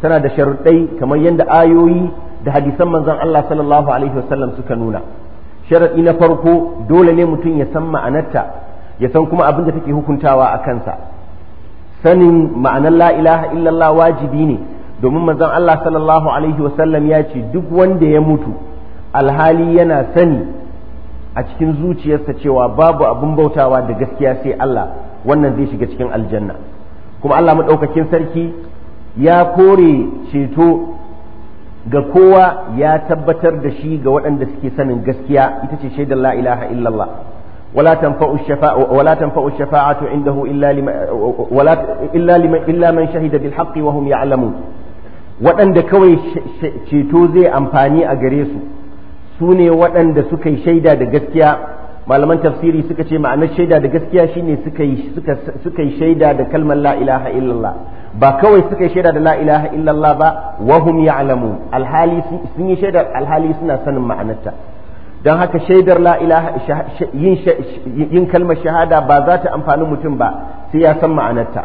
tana da sharuɗai kamar yadda ayoyi da hadisan manzon Allah sallallahu alaihi wasallam suka nuna sharaɗi na farko dole ne mutum ya san ma'anarta ya san kuma abin da take hukuntawa a kansa sanin ma'anar la ilaha illallah wajibi ne domin manzon Allah sallallahu alaihi wasallam ya ce duk wanda ya mutu alhali yana sani a cikin zuciyarsa cewa babu abin bautawa da gaskiya sai Allah wannan zai shiga cikin aljanna kuma Allah maɗaukakin sarki ya kore ceto ga kowa ya tabbatar da shi ga waɗanda suke sanin gaskiya ita ce shaidar la ilaha illallah wala tanfa'u shafa'atu wala tanfa'u shafa'atu indahu illa man shahida bil haqqi wa hum ya'lamun waɗanda kawai ceto zai amfani a gare su su ne waɗanda suka yi shaida da gaskiya malaman tafsiri suka ce ma'anar shaida da gaskiya shine suka yi suka yi shaida da kalmar la ilaha illallah ba kawai suka yi shaida da la ilaha illallah ba wa hum ya'lamun alhali sun yi shaidar alhali suna sanin ma'anarta don haka shaidar la ilaha yin kalmar shahada ba za ta amfani mutum ba sai ya san ma'anarta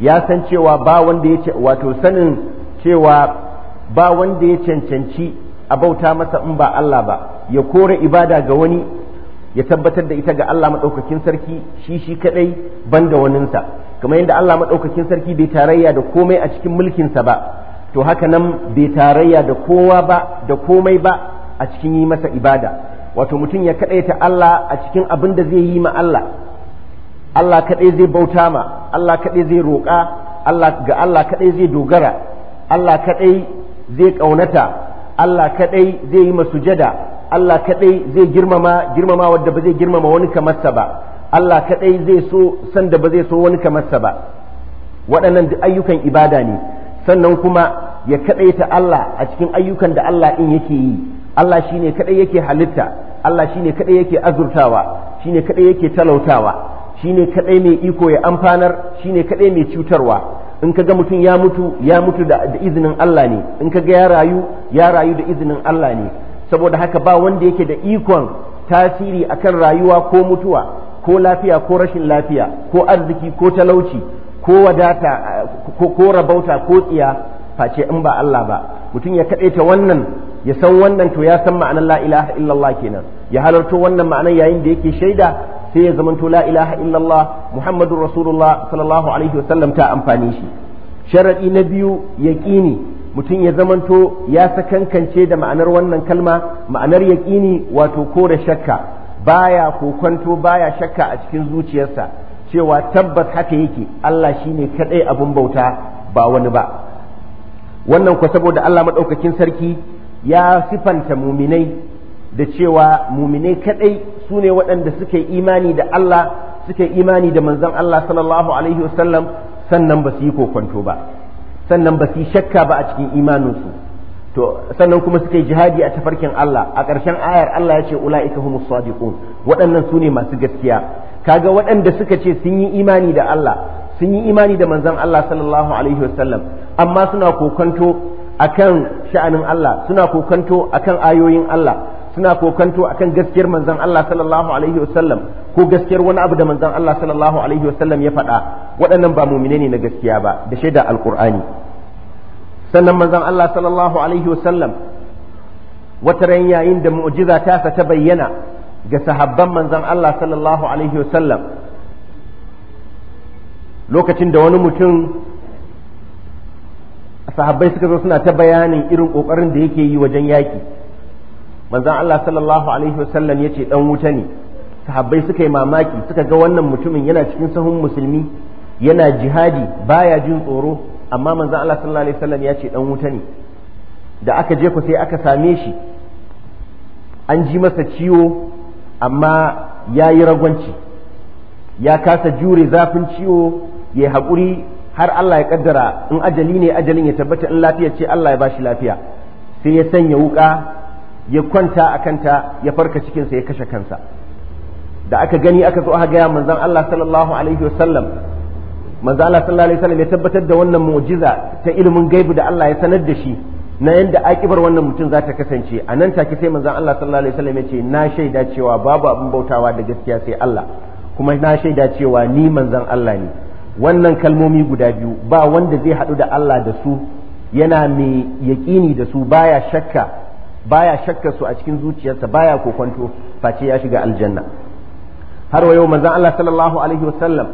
ya san cewa ba wanda ya wato sanin cewa ba wanda ya cancanci a bauta masa in ba Allah ba ya kore ibada ga wani ya tabbatar da ita ga Allah maɗaukakin sarki shi shi ban da waninsa kamar yadda Allah maɗaukakin sarki bai tarayya da komai a cikin mulkinsa ba to haka nan bai tarayya da kowa ba da komai ba a cikin yi masa ibada wato mutum ya kadaita Allah a cikin abin da zai yi ma Allah Allah kadai zai bauta ma Allah kadai zai roƙa Allah ga Allah kaɗai zai dogara Allah kaɗai zai ƙaunata? Allah kaɗai zai yi masujada Allah kaɗai zai girmama girmama wadda ba zai girmama wani kamarsa ba Allah kaɗai zai so sanda da ba zai so wani kamarsa ba waɗannan duk ayyukan ibada ne sannan kuma ya ta Allah a cikin ayyukan da Allah ɗin yake yi Allah shi ne kaɗai yake halitta Allah shi ne kaɗai yake azurtawa shi ne kaɗai yake talautawa shi ne kaɗai mai iko ya amfanar shi ne kaɗai mai cutarwa in ka ga mutum ya mutu ya mutu da izinin Allah ne in ka ga ya rayu ya rayu da izinin Allah ne saboda haka ba wanda yake da ikon tasiri akan rayuwa ko mutuwa ko lafiya ko rashin lafiya ko arziki ko talauci ko wadata ko rabauta ko tsiya face in ba Allah ba mutum ya kaɗaita wannan ya san wannan to ya san ma'anar la ilaha illallah kenan ya halarto wannan ma'anar yayin da yake shaida sai ya zamanto la ilaha illallah muhammadur rasulullah sallallahu alaihi wasallam ta amfani shi sharadi na biyu yaqini mutum ya zamanto ya sakankance da ma'anar wannan kalma ma'anar yaƙini wato kore shakka baya kokwanto baya shakka a cikin zuciyarsa cewa tabbas haka yake Allah shine kadai abun bauta ba wani ba wannan ko saboda Allah madaukakin sarki ya sifanta muminai da cewa muminai kadai su ne waɗanda suke imani da Allah suke imani da manzon Allah sallallahu alaihi wasallam sannan ba su yi kokonto ba sannan ba su yi shakka ba a cikin imaninsu to sannan kuma suka yi jihadi a tafarkin Allah a ƙarshen ayar Allah ya ce ula'ika humus sadiqun waɗannan su ne masu gaskiya kaga waɗanda suka ce sun yi imani da Allah sun yi imani da manzon Allah sallallahu alaihi wasallam amma suna kokanto akan sha'anin Allah suna kokanto akan ayoyin Allah suna kokanto akan gaskiyar manzon Allah sallallahu alaihi wasallam ko gaskiyar wani abu da manzon Allah sallallahu alaihi wasallam ya faɗa waɗannan ba mu'mine ne na gaskiya ba da shaida alqur'ani sannan manzon Allah sallallahu alaihi wasallam wata ran yayin da mu'jiza ta ta bayyana ga sahabban manzon Allah sallallahu alaihi wasallam lokacin da wani mutum sahabbai suka zo suna ta bayanin irin kokarin da yake yi wajen yaki manzon Allah sallallahu alaihi wasallam yace dan wuta ne sahabbai suka yi mamaki suka ga wannan mutumin yana cikin sahun musulmi yana jihadi baya jin tsoro amma manzan Allah sallallahu alaihi wasallam yace dan wuta ne da aka je ku sai aka same shi an ji masa ciwo amma ya yi ragwanci ya kasa jure zafin ciwo ya haƙuri har Allah ya kaddara in ajali ne ajalin ya tabbata in lafiya ce Allah ya bashi lafiya sai ya sanya wuƙa ya kwanta a kanta ya farka cikinsa ya kashe kansa da aka gani aka zo aka gaya manzan Allah sallallahu alaihi wasallam manzan Allah sallallahu alaihi wasallam ya tabbatar da wannan mu'jiza ta ilimin gaibu da Allah ya sanar da shi na yadda akibar wannan mutum za ta kasance a nan take sai manzan Allah sallallahu alaihi wasallam ya ce na shaida cewa babu abin bautawa da gaskiya sai Allah kuma na shaida cewa ni manzan Allah ne wannan kalmomi guda biyu ba wanda zai hadu da Allah da su yana mai yaƙini da su baya shakka baya shakkar su a cikin zuciyarsa baya kokonto face ya shiga aljanna har yau manzon Allah sallallahu alaihi wasallam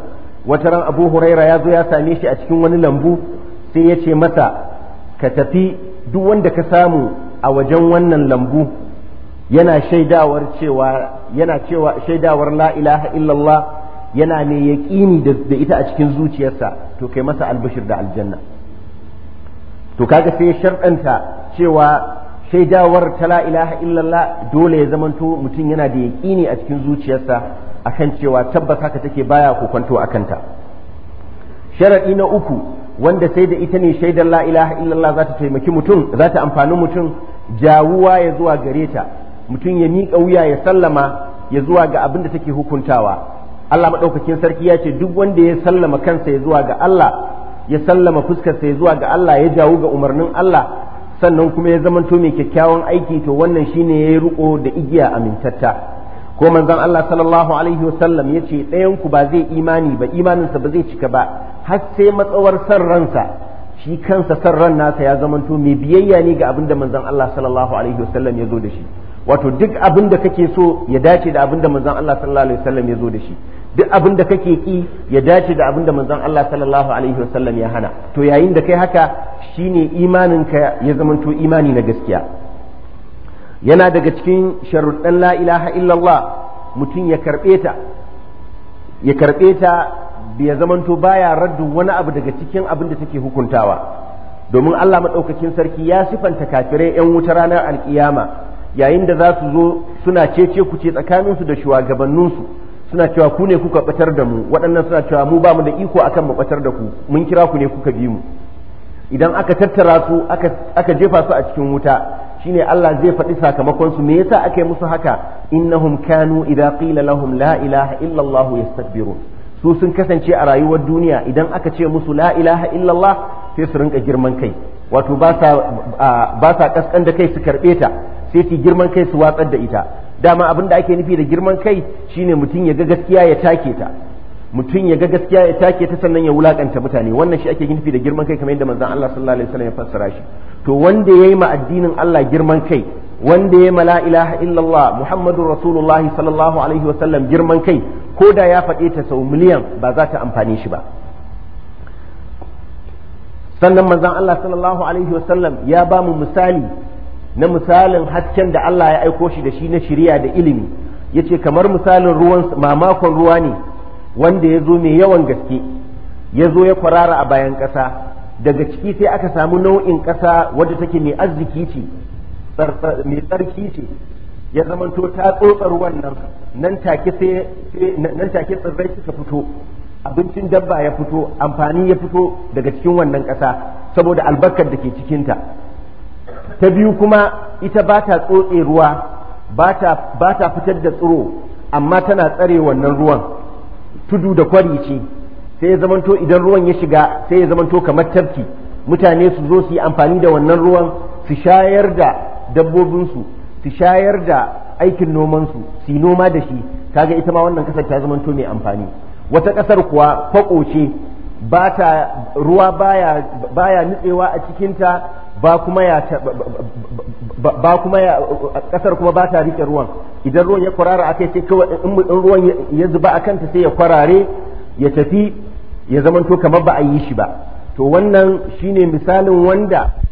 wata ran Abu Huraira ya zo ya same shi a cikin wani lambu sai ya ce masa ka tafi duk wanda ka samu a wajen wannan lambu yana shaidawar cewa yana cewa shaidawar la ilaha illallah yana mai yaƙini da ita a cikin zuciyarsa to kai masa albashir da aljanna to kaga sai ya sharɗanta cewa shaidawar ta la ilaha illallah dole ya zamanto mutum yana da yaƙini a cikin zuciyarsa akan cewa tabbas haka take baya kwanto a kanta sharaɗi na uku wanda sai da ita ne shaidar la ilaha illallah za ta taimaki mutum za ta amfani mutum jawuwa ya zuwa gare ta mutum ya miƙa wuya ya sallama ya zuwa ga abin da take hukuntawa Allah maɗaukakin sarki ya ce duk wanda ya sallama kansa ya zuwa ga Allah ya sallama fuskarsa ya zuwa ga Allah ya jawo ga umarnin Allah sannan kuma ya zamanto mai kyakkyawan aiki to wannan shine ya yi riko da igiya amintatta ko manzon Allah sallallahu alaihi wasallam ya ce ɗayan ku ba zai imani ba imaninsa ba zai cika ba har sai matsawar san ransa shi kansa san ran nasa ya zamanto mai biyayya ne ga abin da manzon Allah sallallahu alaihi wasallam ya zo da shi wato duk abin da kake so ya dace da abin da manzon Allah sallallahu alaihi wasallam ya zo da shi duk abin da kake ki ya dace da abin da manzon Allah sallallahu alaihi wasallam ya hana to yayin da kai haka shine imaninka ya zamanto imani na gaskiya yana daga cikin sharuɗan la ilaha illallah mutum ya karbe ta ya karbe ta ya zamanto baya raddu wani abu daga cikin abin da take hukuntawa domin Allah madaukakin sarki ya sifanta kafirai yan wuta ranar alkiyama yayin da za su zo suna cece ku ce tsakaninsu da shugabanninsu suna cewa ku ne kuka batar da mu waɗannan suna cewa mu bamu da iko akan mu batar da ku mun kira ku ne kuka bi mu idan aka tattara su aka jefa su a cikin wuta shine Allah zai faɗi sakamakon su me yasa aka yi musu haka innahum kanu idza qila lahum la ilaha illa Allah yastakbirun su sun kasance a rayuwar duniya idan aka ce musu la ilaha illallah sai su rinka girman kai wato ba sa kaskan da kai su karɓe ta sai su girman kai su watsar da ita dama abin da ake nufi da girman kai shine mutum ya ga gaskiya ya take ta mutum ya ga gaskiya ya take ta sannan ya wulakanta mutane wannan shi ake nufi da girman kai kamar yadda manzon Allah sallallahu alaihi wasallam ya fassara shi to wanda yayi ma addinin Allah girman kai wanda yayi ma la ilaha illallah muhammadur rasulullahi sallallahu alaihi wasallam girman kai ko da ya faɗe ta sau miliyan ba za ta amfani shi ba sannan manzon Allah sallallahu alaihi wasallam ya ba mu misali na misalin hasken da Allah ya aiko shi da shi na shiriya da ilimi ya ce kamar misalin ruwan mamakon ruwa ne wanda ya zo mai yawan gaske ya zo ya kwarara a bayan ƙasa daga ciki sai aka samu nau'in ƙasa wadda take mai arziki ce mai tsarki ce ya zamanto ta tsotsar wannan nan take nan take tsirrai suka fito abincin dabba ya fito amfani ya fito daga cikin wannan ƙasa saboda albarkar da ke cikinta ta biyu kuma ita ba ta tsotse ruwa ba ta fitar da tsiro amma tana tsare wannan ruwan tudu da kwari ce sai ya zamanto idan ruwan ya shiga sai ya zamanto kamar tafki mutane su zo su yi amfani da wannan ruwan su shayar da dabbobinsu su shayar da aikin nomansu su yi noma da shi kaga ita ma wannan kasar ta zamanto mai amfani wata kasar kuwa faƙo ce ba ruwa baya baya nutsewa a cikinta ba kuma ya ba kuma ya kasar kuma ba ta rike ruwan idan ruwan ya kwarara akai sai kawai in ruwan ya zuba a kanta sai ya kwarare ya tafi ya zamanto kamar ba a yi shi ba to wannan shine misalin wanda